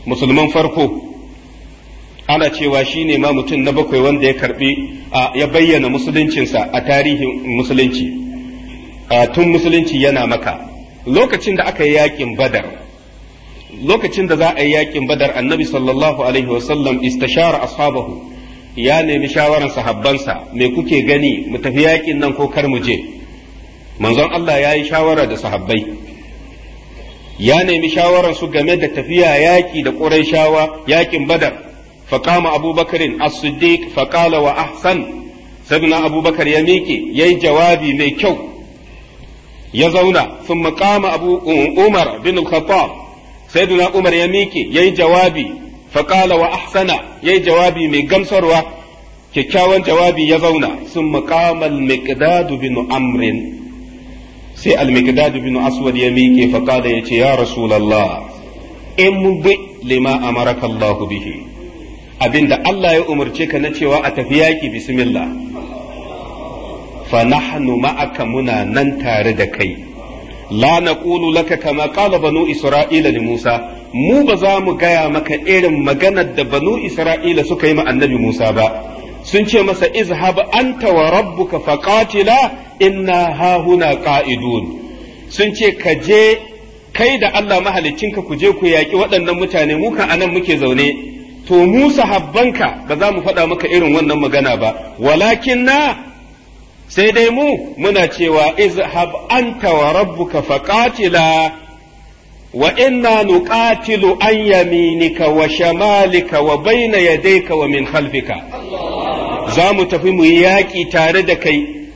musulman farko ana cewa ne ma mutum na bakwai wanda ya karbi ya bayyana musuluncinsa a tarihin musulunci tun musulunci yana maka lokacin da aka yi yakin badar lokacin da za a yi yaƙin badar annabi sallallahu alaihi wasallam istashara ashabahu ya nemi shawaran sahabbansa me kuke gani mu tafi yakin nan ko kar mu je manzon Allah ya yi shawara da sahabbai ya nemi shawaran su game da tafiya yaki da ƙurayshawa yakin badar faqama abubakarin as-siddiq faqala wa ahsan sabna abubakar ya miƙe yayi jawabi mai kyau ya zauna sun qama abu umar bin al-khattab sayyiduna umar ya miƙe yayi jawabi faƙala wa ahsana ya yi jawabi mai gamsarwa kyakkyawan jawabi ya zauna sun maƙamal miqdadu bin amrin sai al bin aswad ya miƙe faƙala ya ce ya rasulallah in bi lima amaraka Allah bihi abinda Allah ya umarce ka na cewa a tafi yaƙi bismillah fa nahnu ma'aka muna nan tare da kai la naqulu laka kama qala banu isra'ila li musa mu ba za mu gaya maka irin maganar da banu isra'ila suka yi ma annabi musa ba sun ce masa izhab anta wa rabbuka faqatila inna hahuna qa'idun sun ce ka je kai da Allah mahaliccinka ku je ku yaƙi waɗannan mutane mu kan anan muke zaune to musa sahabbanka ba za mu faɗa maka irin wannan magana ba walakin na sai dai mu muna cewa izhab anta wa rabbuka faqatila wa inna nuqatilu an yaminika wa shamalika wa bayna yadayka wa min khalfika za mu tafi mu yaƙi tare da kai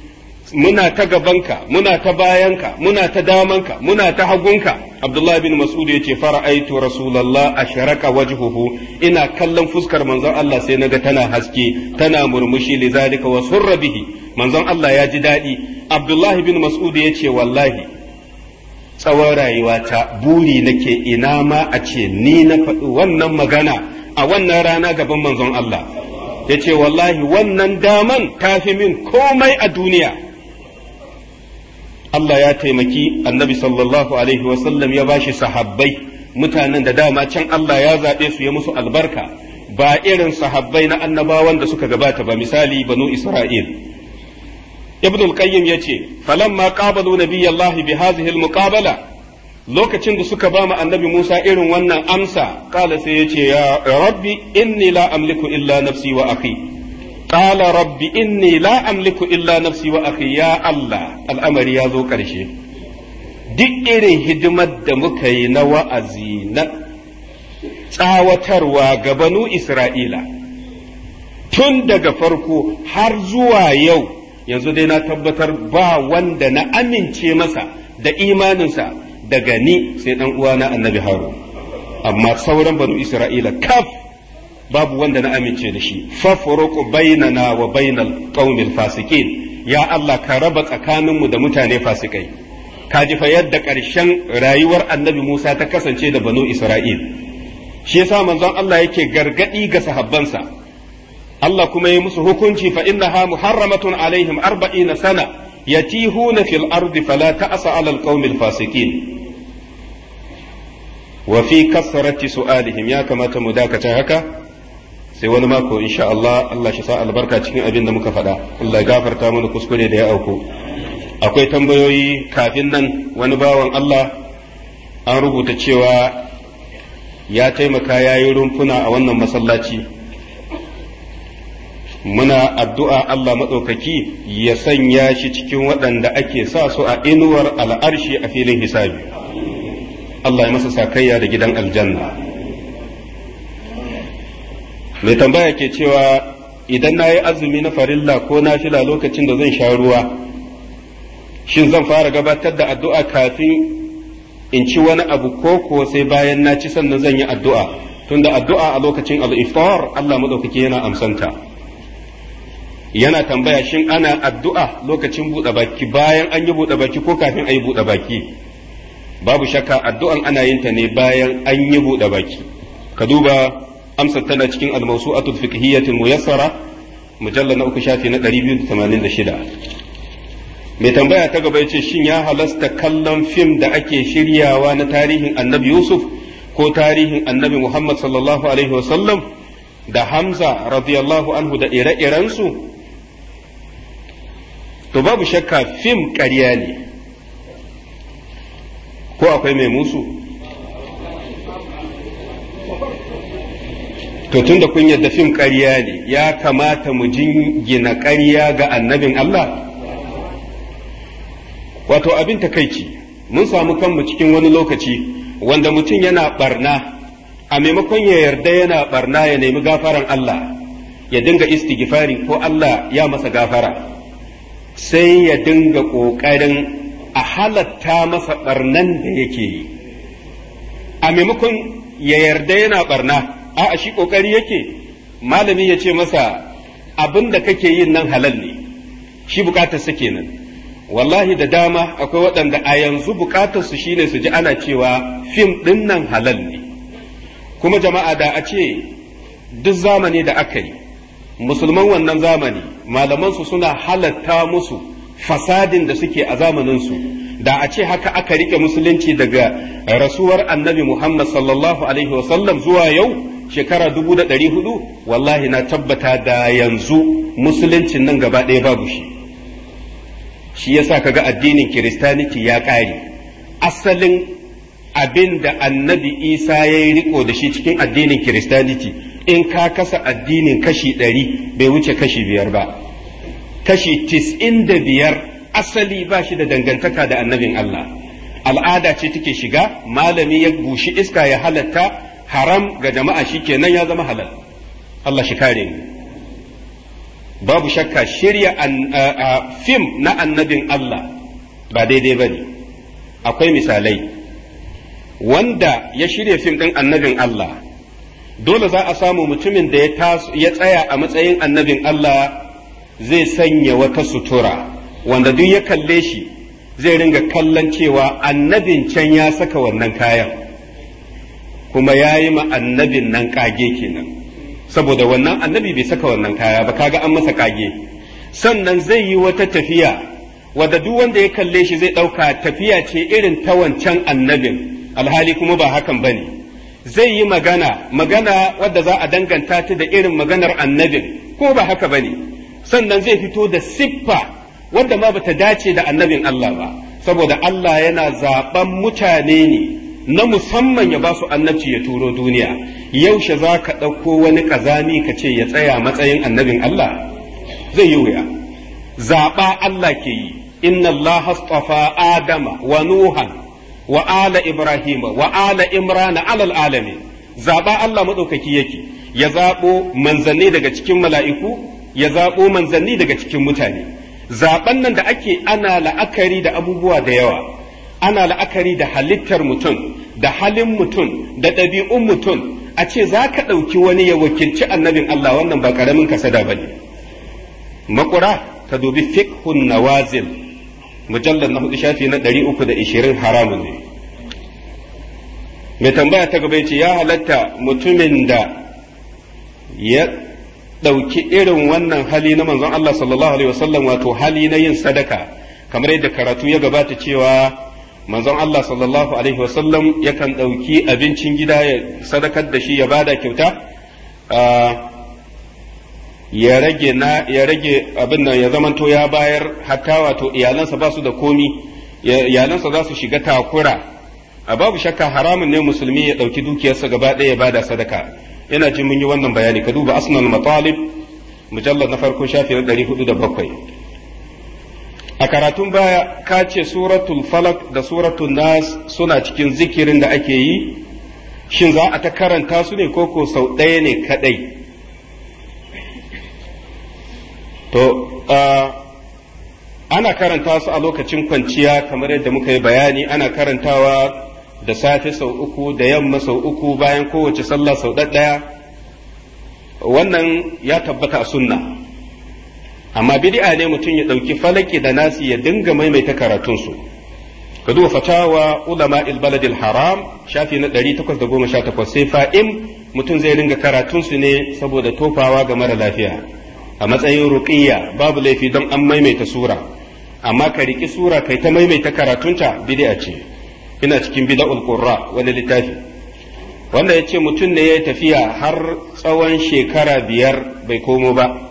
muna ta gabanka muna ta bayanka muna ta damanka muna ta hagunka abdullahi bin mas'ud yace fara'aitu rasulullah asharaka wajhuhu ina kallon fuskar manzon Allah sai naga tana haske tana murmushi lizalika wa surra bihi manzon Allah ya ji daɗi Abdullahi bin Mas'ud ya ce wallahi tsawon rayuwata buri nake ina ma a ce ni na faɗi wannan magana a wannan rana gaban manzon Allah ya ce wallahi wannan daman ta fi min komai a duniya Allah ya taimaki annabi sallallahu alaihi wasallam ya bashi sahabbai mutanen da dama can Allah ya zaɓe su ya musu albarka ba irin sahabbai na annabawan da suka gabata ba misali banu Isra'il ibn al-qayyim yace falamma qabalu nabiyallahi bi hadhihi al-muqabala lokacin da suka ba mu annabi Musa irin wannan amsa kala sai yace ya rabbi inni la amliku illa nafsi wa akhi qala rabbi inni la amliku illa nafsi wa akhi ya Allah al'amari ya zo karshe duk irin hidimar da muka na wa'azi na tsawatarwa ga banu Isra'ila tun daga farko har zuwa yau yanzu dai na tabbatar ba wanda na amince masa da imaninsa daga ni sai dan uwana annabi Haru. amma sauran banu isra'ila kaf babu wanda na amince da shi fafruq bainana wa bainal qaumil fasikin ya Allah ka raba tsakaninmu da mutane fasikai ka ji fa yadda ƙarshen rayuwar annabi Musa ta kasance da banu Isra'il shi yasa manzon Allah yake gargadi ga sahabbansa Allah kuma ya musu hukunci fa innaha muharramatun alaihim arba'ina sana yatihuna fil ardi fala ta'asa 'ala alqaumil fasiqin wa fi kasrati su'alihim ya kamata mu dakata haka sai wani mako insha Allah Allah shi sa albarka cikin abin da muka faɗa Allah ya gafarta mana kuskure da ya auku akwai tambayoyi kafin nan wani bawan Allah an rubuta cewa ya taimaka ya yi rumfuna a wannan masallaci muna addu'a Allah maɗaukaki ya sanya shi cikin waɗanda ake sa su a inuwar al'arshi a filin hisabi Allah ya masa sakayya da gidan aljanna mai tambaya ke cewa idan na yi azumi na farilla ko na fila lokacin da zan sha ruwa shin zan fara gabatar da addu'a kafin in ci wani abu ko ko sai bayan na ci sannan zan yi addu'a tunda addu'a a lokacin al'ifar, Allah maɗaukaki yana amsanta. yana tambaya shin ana addu'a lokacin buɗe baki bayan an yi buɗe baki ko kafin a yi buɗe baki babu shakka addu'an ana yin ta ne bayan an yi buɗe baki ka duba amsar tana cikin a fiqhiyyatul muyassara mujalla na uku shafi na 286 mai tambaya ta gaba ce shin ya halasta kallon fim da ake shiryawa na tarihin annabi yusuf ko tarihin annabi muhammad sallallahu alaihi wasallam da hamza radiyallahu anhu da ire-irensu to babu shakka fim ƙarya ne ko akwai mai musu to tun da kun yadda fim ƙarya ne ya kamata mu jingina ƙarya ga annabin Allah wato abin takaici mun samu kanmu cikin wani lokaci wanda mutum yana barna a maimakon ya yarda yana barna ya nemi gafaran Allah ya dinga istigifari ko Allah ya masa gafara sai ya dinga ƙoƙarin a halatta masa ɓarnan da yake yi a maimakon ya yarda yana ɓarna a shi ƙoƙari yake malami ya ce masa abin da kake yin nan halal ne shi bukatarsa kenan wallahi da dama akwai waɗanda a yanzu bukatarsu shine su ji ana cewa fim ɗin nan halal ne kuma jama'a da a ce duk zamani da aka yi musulman wannan zamani malamansu suna halatta musu fasadin da suke a zamaninsu da a ce haka aka rike musulunci daga rasuwar annabi muhammad sallallahu alaihi wasallam zuwa yau shekara dubu ɗari hudu wallahi na tabbata da yanzu musuluncin nan gaba ɗaya babu shi shi yasa kaga addinin kiristaniti ya ƙare asalin abin da annabi isa ya yi riko da shi cikin addinin kiristaniti in ka kasa addinin kashi ɗari bai wuce kashi biyar ba kashi tis'in da biyar asali ba shi da dangantaka da annabin Allah al'ada ce take shiga malami ya gushi iska ya halatta haram ga jama'a shi kenan ya zama halal Allah shi kare ne. babu shakka shirya fim na annabin Allah ba daidai ba ne akwai misalai wanda ya shirya fim ɗin annabin Allah dole za a samu mutumin da ya tsaya a matsayin annabin Allah zai sanya wata sutura wanda duk ya kalle shi zai ringa kallon cewa annabin can ya saka wannan kayan kuma ya yi ma annabin nan kage kenan saboda wannan annabi bai saka wannan kaya ba kaga an masa kage sannan zai yi wata tafiya wadda duk wanda ya kalle shi zai ɗauka tafiya ce irin ta wancan annabin alhali kuma ba hakan ba ne zai yi magana magana wadda za a danganta ta da irin maganar annabin ko ba haka bane sannan zai fito da siffa wadda ma bata dace da annabin Allah ba saboda Allah yana zaɓan mutane ne na musamman ya ba su annabci ya turo duniya yaushe za ka ɗauko wani ƙazami ka ce ya tsaya matsayin annabin Allah zai yi wuya zaɓa Allah ke yi inna Allah adama wa nuhan wa ala ibrahima wa ala imrana alal alami zaba Allah madaukaki yake ya zabo manzanni daga cikin mala'iku ya zabo manzanni daga cikin mutane zaben nan da ake ana la'akari da abubuwa da yawa ana la'akari da halittar mutum da halin mutum da ɗabi'un mutum a ce za ka ɗauki wani ya wakilci annabin Allah wannan ba ƙaramin kasada ba ne. Makura ta dubi fikhun nawazil mujallar na hudu shafi na ɗari uku da ishirin haramun ne mai tambaya ta gaba ce ya halatta mutumin da ya ɗauki irin wannan hali na manzon Allah sallallahu alaihi wasallam wato hali na yin sadaka kamar yadda karatu ya gabata cewa manzon Allah sallallahu alaihi wasallam yakan ɗauki abincin gida ya sadakar da shi ya bada kyauta ah, ya rage na ya rage abin nan ya zamanto ya bayar hatta wato iyalansa ba su da komi iyalansa za su shiga takura a babu shakka haramun ne musulmi ya ɗauki dukiyarsa gaba ɗaya ya bada sadaka ina jin mun yi wannan bayani ka duba asnal matalib mujallad na farko shafi na 407 a karatun baya ka ce suratul falak da suratul nas suna cikin zikirin da ake yi shin za a ta karanta su ne ko ko sau ɗaya ne kaɗai. to ana karanta su a lokacin kwanciya kamar yadda muka yi bayani ana karantawa da safe sau uku da yamma sau uku bayan kowace sallah sau ɗaya wannan ya tabbata a sunna amma bid'a ne mutum ya ɗauki falaki da nasi ya dinga maimaita karatunsu ka duba fatawa ulama baladi haram shafi na 818 sai fa'im mutum zai dinga karatunsu ne saboda tofawa ga mara lafiya a matsayin ruqiyya babu laifi don an maimaita sura amma ka riki sura kai ta maimaita karatunta bid'a ce ina cikin bid'ul qurra wani littafi wanda yace mutum ne ya tafiya har tsawon shekara biyar bai komo ba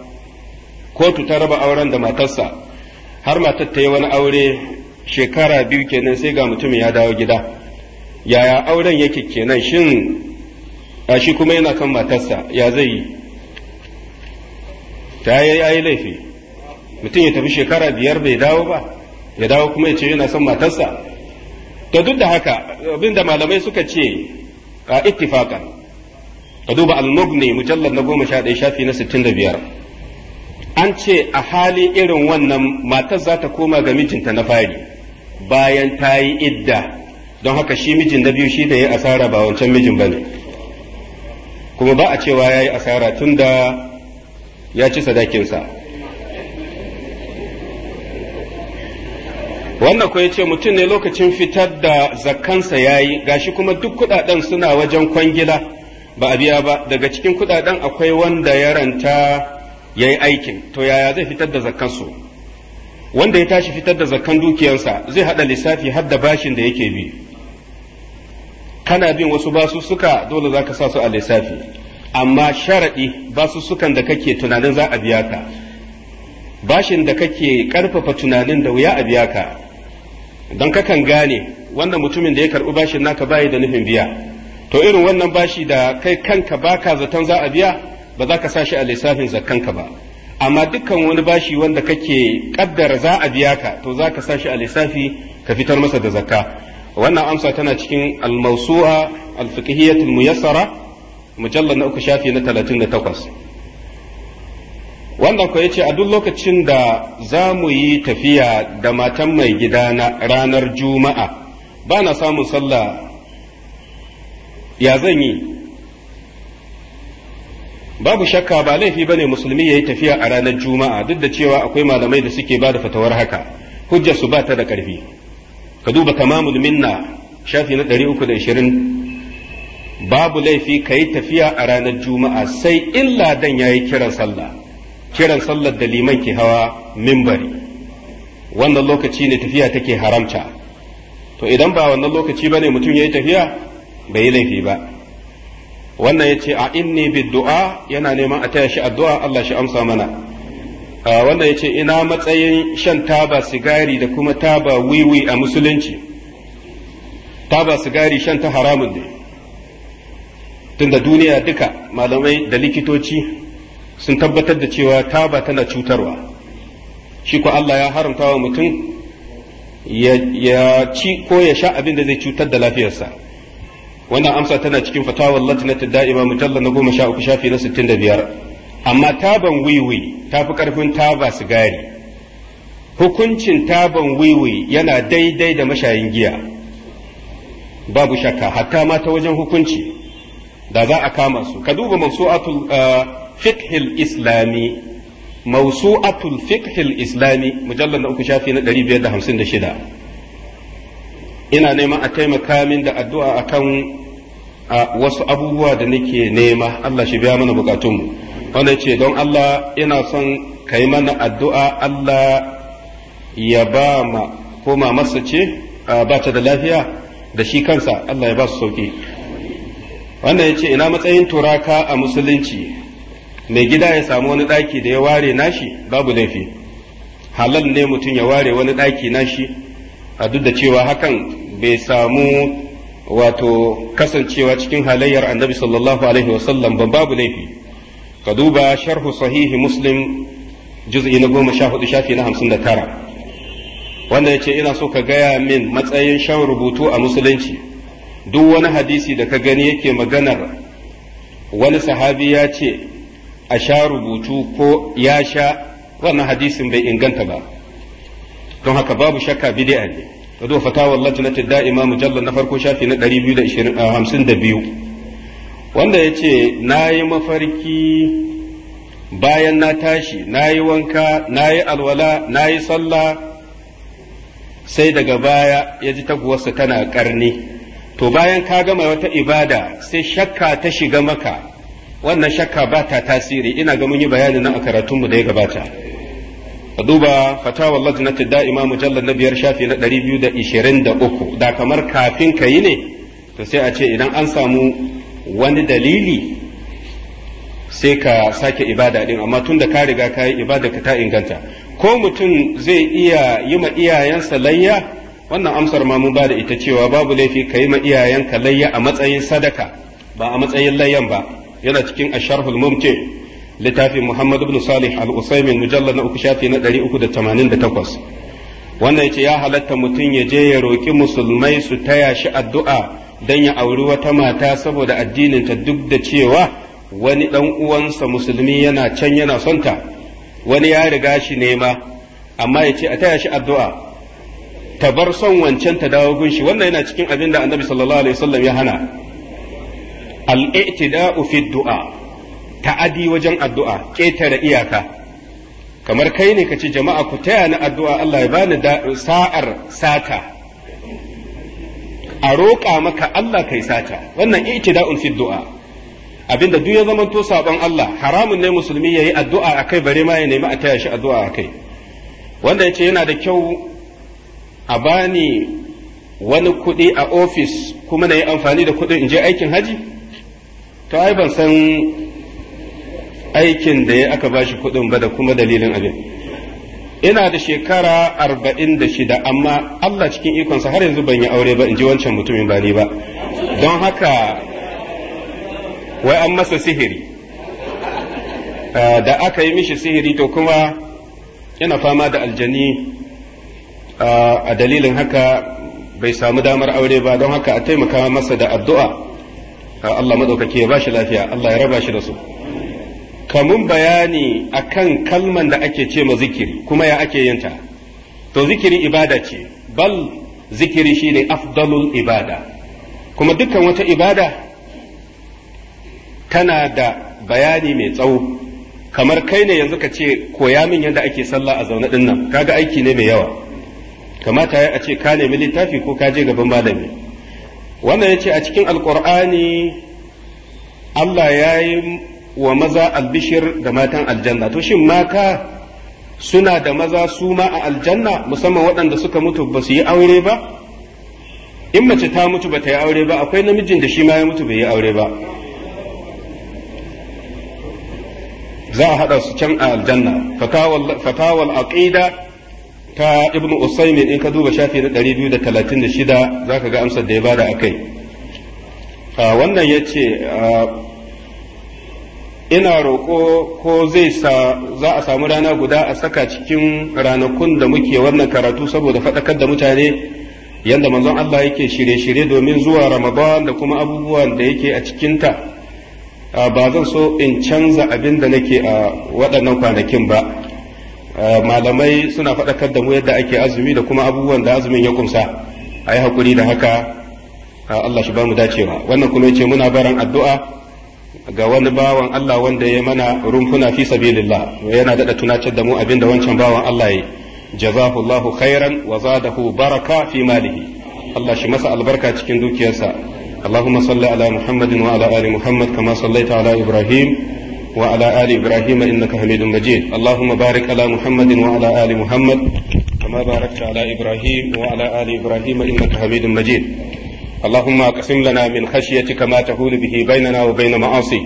kotu ta raba auren da matarsa har matar ta yi wani aure shekara biyu kenan sai ga mutum ya dawo gida yaya auren yake kenan shin a shi kuma yana kan matarsa ya zai yi ta yi ayi laifi mutum ya tafi shekara biyar bai dawo ba ya dawo kuma ya ce yana son matarsa to duk da haka abinda malamai suka ce a ittifaka ka duba al-mughni mujallad na goma sha ɗaya shafi na sittin da biyar an ce a hali irin wannan matar za ta koma ga mijinta na fari bayan ta yi idda don haka shi mijin na biyu shi da ya asara ba wancan mijin ba ne kuma ba a cewa ya yi asara tun da ya ci sadakinsa wannan ko ya ce mutum ne lokacin fitar da zakkansa ya yi gashi kuma duk kudaden suna wajen kwangila ba a biya ba daga cikin kudaden akwai wanda ya ranta ya yi aikin to yaya zai fitar da zakkansu wanda ya tashi fitar da zakkan dukiyarsa zai hada lissafi har da bashin da yake bi kana bin wasu basu suka dole zaka sa su a lissafi amma sharaɗi ba su sukan da kake tunanin za a biya ka bashin da kake karfafa tunanin da wuya a biya ka don kakan gane wannan mutumin da ya karɓi bashin naka bayi da nufin biya to irin wannan bashi da kai kanka baka zaton za a biya ba za ka sa shi a lissafin zakanka ba amma dukkan wani bashi wanda kake kaddara za a biya ka to za ka sa shi a lissafi ka fitar masa da zakka wannan amsa tana cikin al-mawsu'a al-fiqhiyyah al-muyassara mujallar na uku shafi na talatin da takwas wannan ku yace a duk lokacin da za mu yi tafiya da matan mai gida na ranar juma'a ba na samun sallah ya zan yi babu shakka ba laifi ba ne musulmi ya yi tafiya a ranar juma'a duk da cewa akwai malamai da suke bada fatawar haka hujjar su ba ta da ƙarfi ka duba tamamul minna shafi na babu laifi ka yi tafiya a ranar juma'a sai in ladan ya yi kiran sallah kiran sallar da liman ke hawa mimbari wannan lokaci ne tafiya take haramta to idan ba wannan lokaci ba ne mutum ya yi tafiya bai yi laifi ba wannan ya ce a inni du'a, yana neman a taya shi addu'a Allah shi amsa mana wannan ya ce ina matsayin shan taba sigari da kuma taba wiwi a musulunci taba sigari shan ta haramun ne tunda duniya duka malamai da likitoci sun tabbatar da cewa taba tana cutarwa shi ko Allah ya haramta wa mutum ya ci ko ya sha abin da zai cutar da lafiyarsa wannan amsa tana cikin fatawar latinata da'ima mujalla na goma sha uku shafi na sittin da biyar amma taban wiwi ta fi karfin taba sigari hukuncin taban wiwi yana daidai da mashayin giya babu shakka hatta ma ta wajen hukunci da za a kama su ka duba mawsu'atul uh, fiqhil islami mawsu'atul fiqhil islami mujallal na uku shafi na 556 ina neman a taimaka min da addu'a akan uh, wasu abubuwa da nake nema Allah shi biya mana bukatunmu wanda ce don Allah ina son ka yi mana addu'a Allah ya ba ma ko masa ce uh, ba ta da lafiya da shi kansa Allah ya ba su sauki wannan ya ce ina matsayin turaka a musulunci mai gida ya samu wani ɗaki da ya ware nashi babu laifi halal ne mutum ya ware wani ɗaki nashi a duk da cewa hakan bai samu wato kasancewa cikin halayyar annabi sallallahu alaihi wasallam ban babu laifi ka duba sharhu sahihi muslim juz'i na goma sha hudu shafi na hamsin da tara wanda ya ce ina so ka gaya min matsayin shan rubutu a musulunci duk wani hadisi da ka gani yake maganar wani sahabi ya ce a sha rubutu ko ya sha wannan hadisin bai inganta ba don haka babu shakka bid'a ne ka zo fatawar lajnati da'ima mujallar na farko shafi na 252 wanda ya ce na yi mafarki bayan na tashi na yi wanka na yi alwala na yi sallah sai daga baya ya ji taguwarsa tana karni to bayan ka gama wata ibada sai shakka ta shiga maka wannan shakka ba ta tasiri ina ga mun yi bayani nan a karatunmu da ya gabata ka duba fatawa lajnati da'ima mujallar na biyar shafi na 223 da kamar kafin ka yi ne to sai a ce idan an samu wani dalili sai ka sake ibada din amma tun da ka riga ka yi ibada ka ta inganta ko mutum zai iya yi ma iyayensa layya wannan amsar ma mun ba da ita cewa babu laifi ka yi ma iyayenka layya a matsayin sadaka ba a matsayin layyan ba yana cikin asharhul mumti littafin muhammad ibn salih al usaimin mujallar na uku shafi na 388 wannan yace ya halatta mutum ya je ya roki musulmai su taya shi addu'a dan ya auri wata mata saboda addininta duk da cewa wani dan uwansa musulmi yana can yana son ta wani ya riga shi nema amma yace a taya shi addu'a ta bar son wancan ta dawo gunshi wannan yana cikin abin da annabi sallallahu alaihi wasallam ya hana al-i'tida'u fi du'a ta'adi wajen addu'a ƙetare iyaka kamar kai ne ka ce jama'a ku taya ni addu'a Allah ya bani sa'ar sata a roƙa maka Allah kai sata wannan i'tida'un fi du'a abinda duk ya zama to sabon Allah haramun ne musulmi yayi addu'a akai bare ma ya nemi a taya shi addu'a akai wanda yace yana da kyau a bani wani kuɗi a ofis kuma na yi amfani da kuɗi in je aikin haji to ai ban san aikin da ya aka bashi kuɗin ba da kuma dalilin abin ina da shekara arba'in da shida amma Allah cikin ikonsa har yanzu ban yi aure ba in ji wancan mutumin ba ni ba don haka wai an masa sihiri eh, da aka yi mishi sihiri to kuma yana fama da aljani a dalilin haka bai samu damar aure ba don haka a taimaka masa da addu'a Allah maɗaukaki ya shi lafiya Allah ya raba shi da su kamun bayani a kan kalman da ake ce ma zikiri kuma ya ake yinta to zikiri ibada ce bal zikiri shi ne afdalul ibada kuma dukkan wata ibada tana da bayani mai tsawo kamar kai ne yanzu ka ce koya min yadda ake sallah a zaune dinnan kaga aiki ne mai yawa kamata ya ce ka nemi littafi ko ka je gaban malami wannan ya ce a cikin alkur'ani Allah ya yi wa maza albishir da matan aljanna to shin mata suna da maza su ma a aljanna musamman waɗanda suka mutu ba su yi aure ba in mace ta mutu ba ta yi aure ba akwai namijin da shi ma ya mutu bai yi aure ba za a haɗa su can a aljanna fatawal aqida ta ibnu usaimin in ka duba shafi na 236 zaka ga amsar da ya bada akai wannan ya ce ina roƙo ko zai sa za a samu rana guda a saka cikin ranakun da muke wannan karatu saboda faɗakar da mutane yadda manzon Allah yake shirye-shirye domin zuwa Ramadan da kuma abubuwan da yake a cikinta ba zan so in canza abin da nake a waɗannan kwanakin ba Eh, malamai suna faɗakar da mu yadda ake azumi da kuma abubuwan da azumin ya kumsa a yi haƙuri da haka eh, Allah shi ba mu dacewa wannan kuma ce muna baran addu'a ga wani bawan Allah wanda ya mana rumfuna fi sabilillah yana daɗa tunatar da mu abin da wancan bawan Allah ya yi jazahullahu khairan wa zadahu baraka fi malihi Allah shi masa albarka cikin dukiyarsa اللهم صل على محمد وعلى ال محمد كما صليت على ابراهيم وعلى آل إبراهيم إنك حميد مجيد اللهم بارك على محمد وعلى آل محمد كما باركت على إبراهيم وعلى آل إبراهيم إنك حميد مجيد اللهم أقسم لنا من خشيتك ما تهول به بيننا وبين معاصيك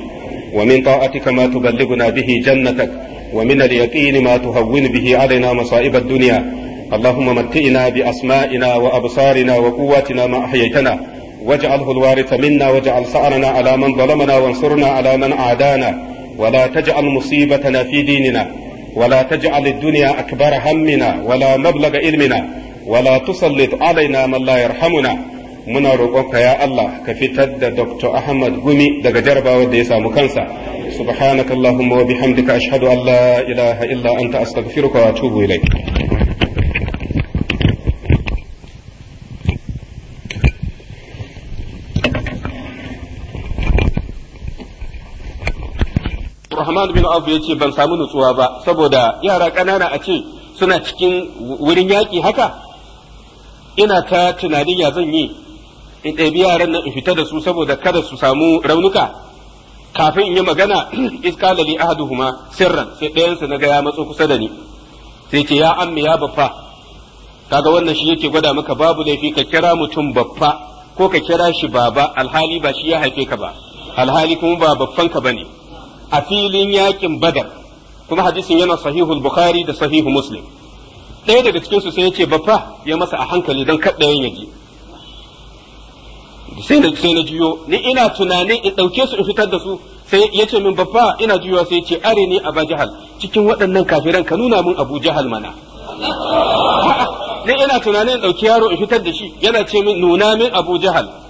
ومن طاعتك ما تبلغنا به جنتك ومن اليقين ما تهون به علينا مصائب الدنيا اللهم متئنا بأسمائنا وأبصارنا وقواتنا ما أحييتنا واجعله الوارث منا واجعل سعرنا على من ظلمنا وانصرنا على من عادانا ولا تجعل مصيبتنا في ديننا ولا تجعل الدنيا أكبر همنا ولا مبلغ علمنا ولا تسلط علينا من لا يرحمنا muna roƙonka ya Allah ka fitar da Dr. Ahmad Gumi daga jarabawar da ya samu kansa subhanakallahumma wa bihamdika ashhadu an la ilaha illa anta astaghfiruka wa Abdurrahman bin Auf ya ce ban samu nutsuwa ba saboda yara ƙanana a ce suna cikin wurin yaki haka ina ta tunanin ya zan yi in ɗabi yaran nan in fita da su saboda kada su samu raunuka kafin in yi magana iskala li ahaduhuma sirran sai ɗayansu na ga ya matso kusa da ni sai ce ya ammi ya baffa kaga wannan shi yake gwada maka babu laifi ka kira mutum baffa ko ka kira shi baba alhali ba shi ya haife ka ba alhali kuma ba baffan ka bane a filin yakin badar kuma hadisin yana sahihul bukhari da sahihu muslim ɗaya daga cikinsu sai ya ce bafa ya masa a hankali don kaɗayan yaji sai na sai na juyo ni ina tunanin in ɗauke su in fitar da su sai ya ce min bafa ina juyowa sai ya ce are ni a jahal cikin waɗannan kafiran ka nuna min abu jahal mana ni ina tunanin in ɗauki yaro in fitar da shi yana ce min nuna min abu jahal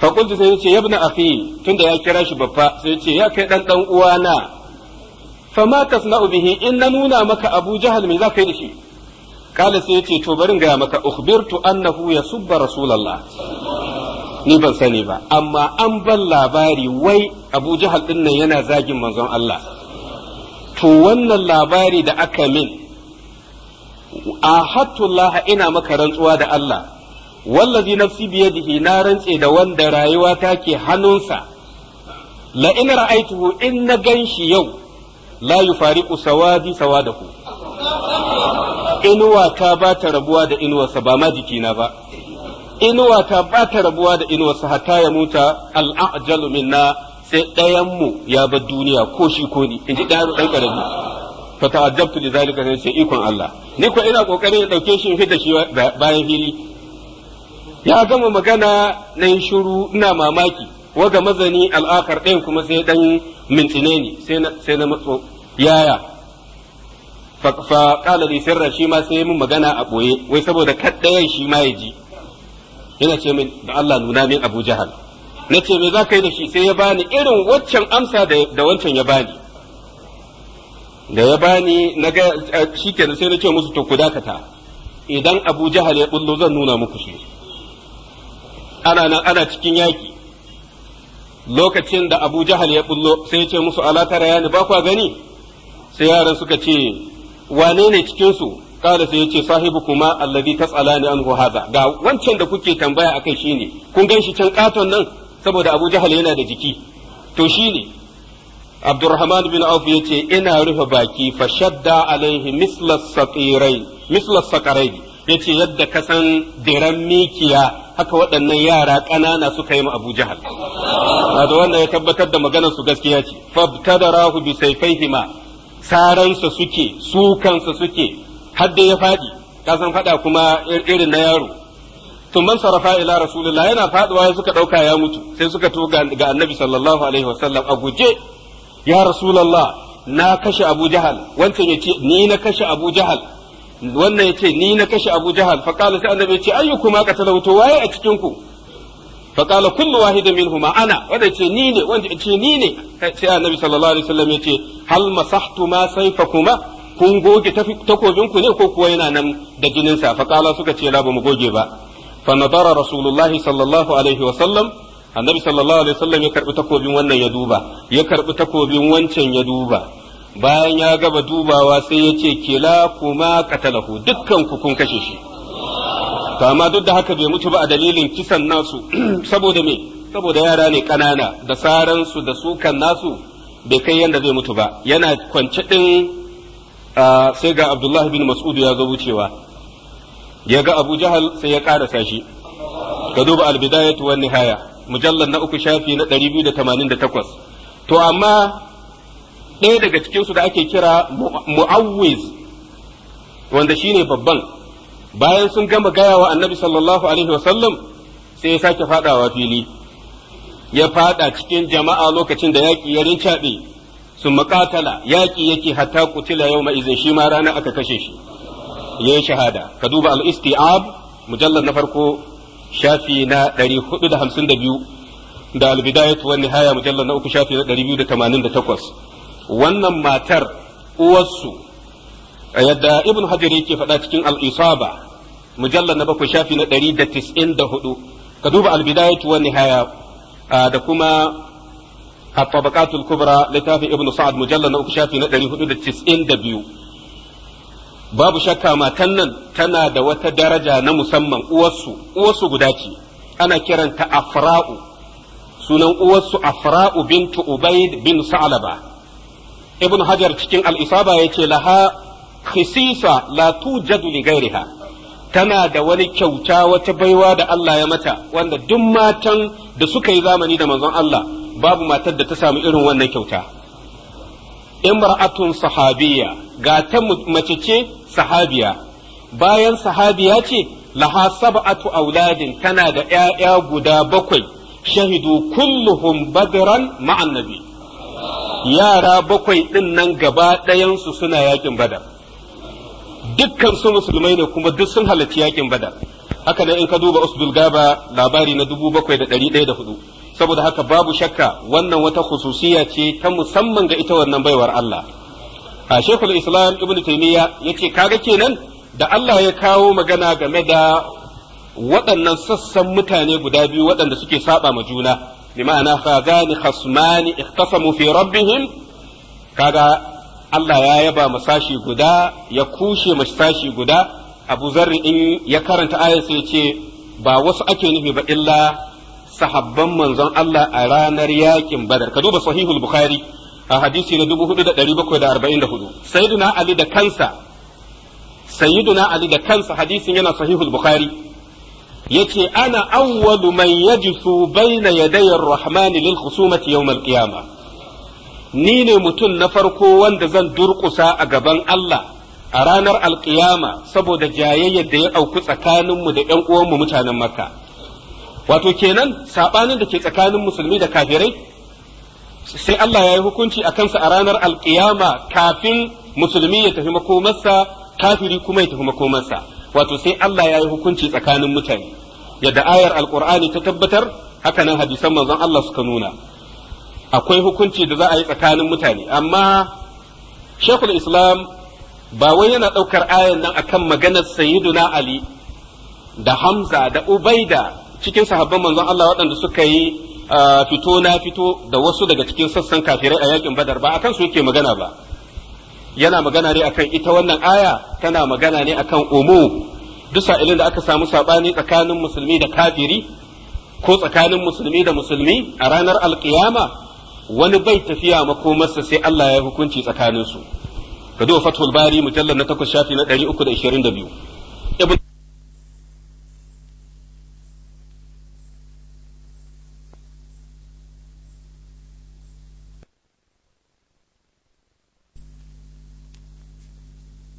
fa ya sai yace yabna afi tunda ya kira shi babba sai yace ya kai ɗan ɗan uwana fa ma tasna'u ubihi in na nuna maka Abu Jahal me ka yi da shi kala sai yace to barin gaya maka ukhbirtu annahu yasubba Rasulallah. ni ban sani ba amma an ban labari wai Abu Jahal din nan yana zagin manzon Allah to wannan labari da aka min ahattullah ina maka rantsuwa da Allah wallazi nafsi biyadihi na rantse da wanda rayuwa take hannunsa la in ra'aituhu in na ganshi yau la yufariqu sawadi sawadahu inuwa ta ba ta rabuwa da inuwarsa ba ma jikina ba inuwa ta ba ta rabuwa da inuwarsa hatta ya muta al'ajalu minna sai ɗayan mu ya bar duniya ko shi ko ni in ji ɗan ƙarami fa ta'ajjabtu li zalika sai ikon Allah ni ko ina kokarin da dauke shi in fita shi bayan fili ya gama magana na yi shuru ina mamaki waga mazani al'akar ɗayan kuma sai ɗan mintine ne sai na matso yaya fa ƙala li sirra shi ma sai mun magana a ɓoye wai saboda kaɗayan shi ma ya ji yana ce min da Allah nuna min Abu Jahal na ce me za ka yi da shi sai ya bani irin waccan amsa da wancan ya bani da ya bani na ga shi da sai na ce musu to ku dakata idan Abu Jahal ya bullo zan nuna muku shi ana nan ana cikin yaki lokacin da Abu Jahal ya bullo sai ya ce musu ala tara yani ba kwa gani sai yaran suka ce wane ne cikin su kada sai ya ce sahibu kuma allazi tas'alani anhu hadha ga wancan da kuke tambaya akai shine kun gan shi can katon nan saboda Abu Jahal yana da jiki to shine Abdurrahman bin Auf ya ce ina rufe baki fa shadda alaihi misla saqirai misla saqarai yace yadda ka san diran mikiya haka waɗannan yara ƙanana suka yi ma Abu Jahal da wannan ya tabbatar da maganar su gaskiya ce fabtadarahu bi sayfaihima saransa suke sukansa suke har da ya faɗi ka san faɗa kuma irin na yaro tumman sarafa ila rasulullah yana faduwa ya suka ɗauka ya mutu sai suka to ga annabi sallallahu alaihi wasallam a guje ya rasulullah na kashe abu jahal wancan ya ce ni na kashe abu jahal wannan yace ni na kashe Abu Jahal fa qala sai annabi yace ayyukuma qatalahu to waye a cikin ku fa qala kullu wahidin minhuma ana wanda yace ni ne wanda yace ni ne sai annabi sallallahu alaihi wasallam yace hal masahtu ma sayfakuma kun goge takobin ku ne ko kuwa yana nan da jinin sa fa qala suka ce la ba mu goge ba fa nadara rasulullahi sallallahu alaihi wasallam annabi sallallahu alaihi wasallam ya karbi takobin wannan ya duba ya karbi takobin wancan ya duba bayan ya gaba dubawa sai ya ce kila kuma katalahu dukkan ku kun kashe shi To amma duk da haka bai mutu ba a dalilin kisan nasu saboda me saboda yara ne kanana da saran su da sukan nasu bai kai yanda zai mutu ba yana kwance din sai ga abdullahi bin mas'ud ya zo wucewa ya ga abu jahal sai ya kara shi ka duba albidayatu wan nihaya mujallal na uku shafi na 288 to amma ɗaya daga cikinsu da ake kira mu'awwiz wanda shine babban bayan sun gama gaya wa annabi sallallahu alaihi wasallam sai ya sake fadawa fili ya fada cikin jama'a lokacin da yaƙi ya rincaɓe sun makatala yaƙi yake hatta kutila yau ma'izin shi ma rana aka kashe shi ya yi shahada ka duba al-isti'ab mujallar na farko shafi na 452 da al-bidayatu wan nihaya mujallar na uku shafi na 288 wannan matar uwarsu yadda ibn hajar yake faɗa cikin al'isaba, isaba na bakwai shafi na 194 ka duba al wa nihaya da kuma at-tabaqatul kubra littafin ibn sa'ad mujalla na uku shafi na biyu. babu shakka matan nan tana da wata daraja na musamman uwarsu uwarsu guda ce ana kiranta afra'u sunan uwarsu afra'u bintu ubaid bin sa'laba ibn hajar cikin alisaba ya ce laha khisisa la tujadu li ghairiha tana da wani kyauta wata baiwa da Allah ya mata wanda duk matan da suka yi zamani da manzon Allah babu matar da ta samu irin wannan kyauta imra'atun sahabiya ga ta mace ce sahabiya bayan sahabiya ce laha sab'atu auladin tana da 'ya'ya guda bakwai shahidu kulluhum badran ma'annabi yara bakwai ɗin nan gaba ɗayansu suna yakin badar dukkan su musulmai ne kuma duk sun halarci yakin badar haka nan in ka duba usdul gaba labari na dubu bakwai da ɗari ɗaya da hudu saboda haka babu shakka wannan wata khususiya ce ta musamman ga ita wannan baiwar Allah a shekul islam ibnu ya ce kaga kenan da Allah ya kawo magana game da waɗannan sassan mutane guda biyu waɗanda suke saba ma juna lima'ana fagani khasmani ikhtasamu fi rabbihim kaga Allah ya yaba masashi guda ya kushe masashi guda Abu Zarri in ya karanta ayar sai ce ba wasu ake nufi ba illa sahabban manzon Allah a ranar yaƙin Badar ka duba sahihul Bukhari a hadisi na 4744 sayyiduna Ali da kansa sayyiduna Ali da kansa hadisin yana sahihul Bukhari yace ana awwalu man yajisu baina yaday ar-rahman lil khusumati yawm al-qiyamah ni ne mutum na farko wanda zan durƙusa a gaban Allah a ranar alƙiyama saboda jayayyar da ya auku tsakaninmu da ‘yan uwanmu mutanen Makka. Wato kenan saɓanin da ke tsakanin musulmi da kafirai sai Allah ya yi hukunci a kansa a ranar alƙiyama kafin musulmi ya tafi makomarsa kafiri kuma ya tafi makomarsa. wato sai Allah ya yi hukunci tsakanin mutane yadda ayar alkur'ani ta tabbatar haka nan hadisan manzon Allah suka nuna akwai hukunci da za a yi tsakanin mutane amma shekul islam ba wai yana ɗaukar ayan nan akan maganar sayyiduna ali da hamza da ubaida cikin sahabban manzon Allah waɗanda suka yi ah, fito na fito da wasu daga cikin sassan kafirai a yakin badar ba akan su yake magana ba yana magana ne akan ita wannan aya tana magana ne akan umu duk ilin da aka samu sabani tsakanin musulmi da kafiri ko tsakanin musulmi da musulmi a ranar alkiyama wani bai tafiya makomarsa sai Allah ya hukunci tsakaninsu ka duba fathul bari mujallar na takwas shafi na 322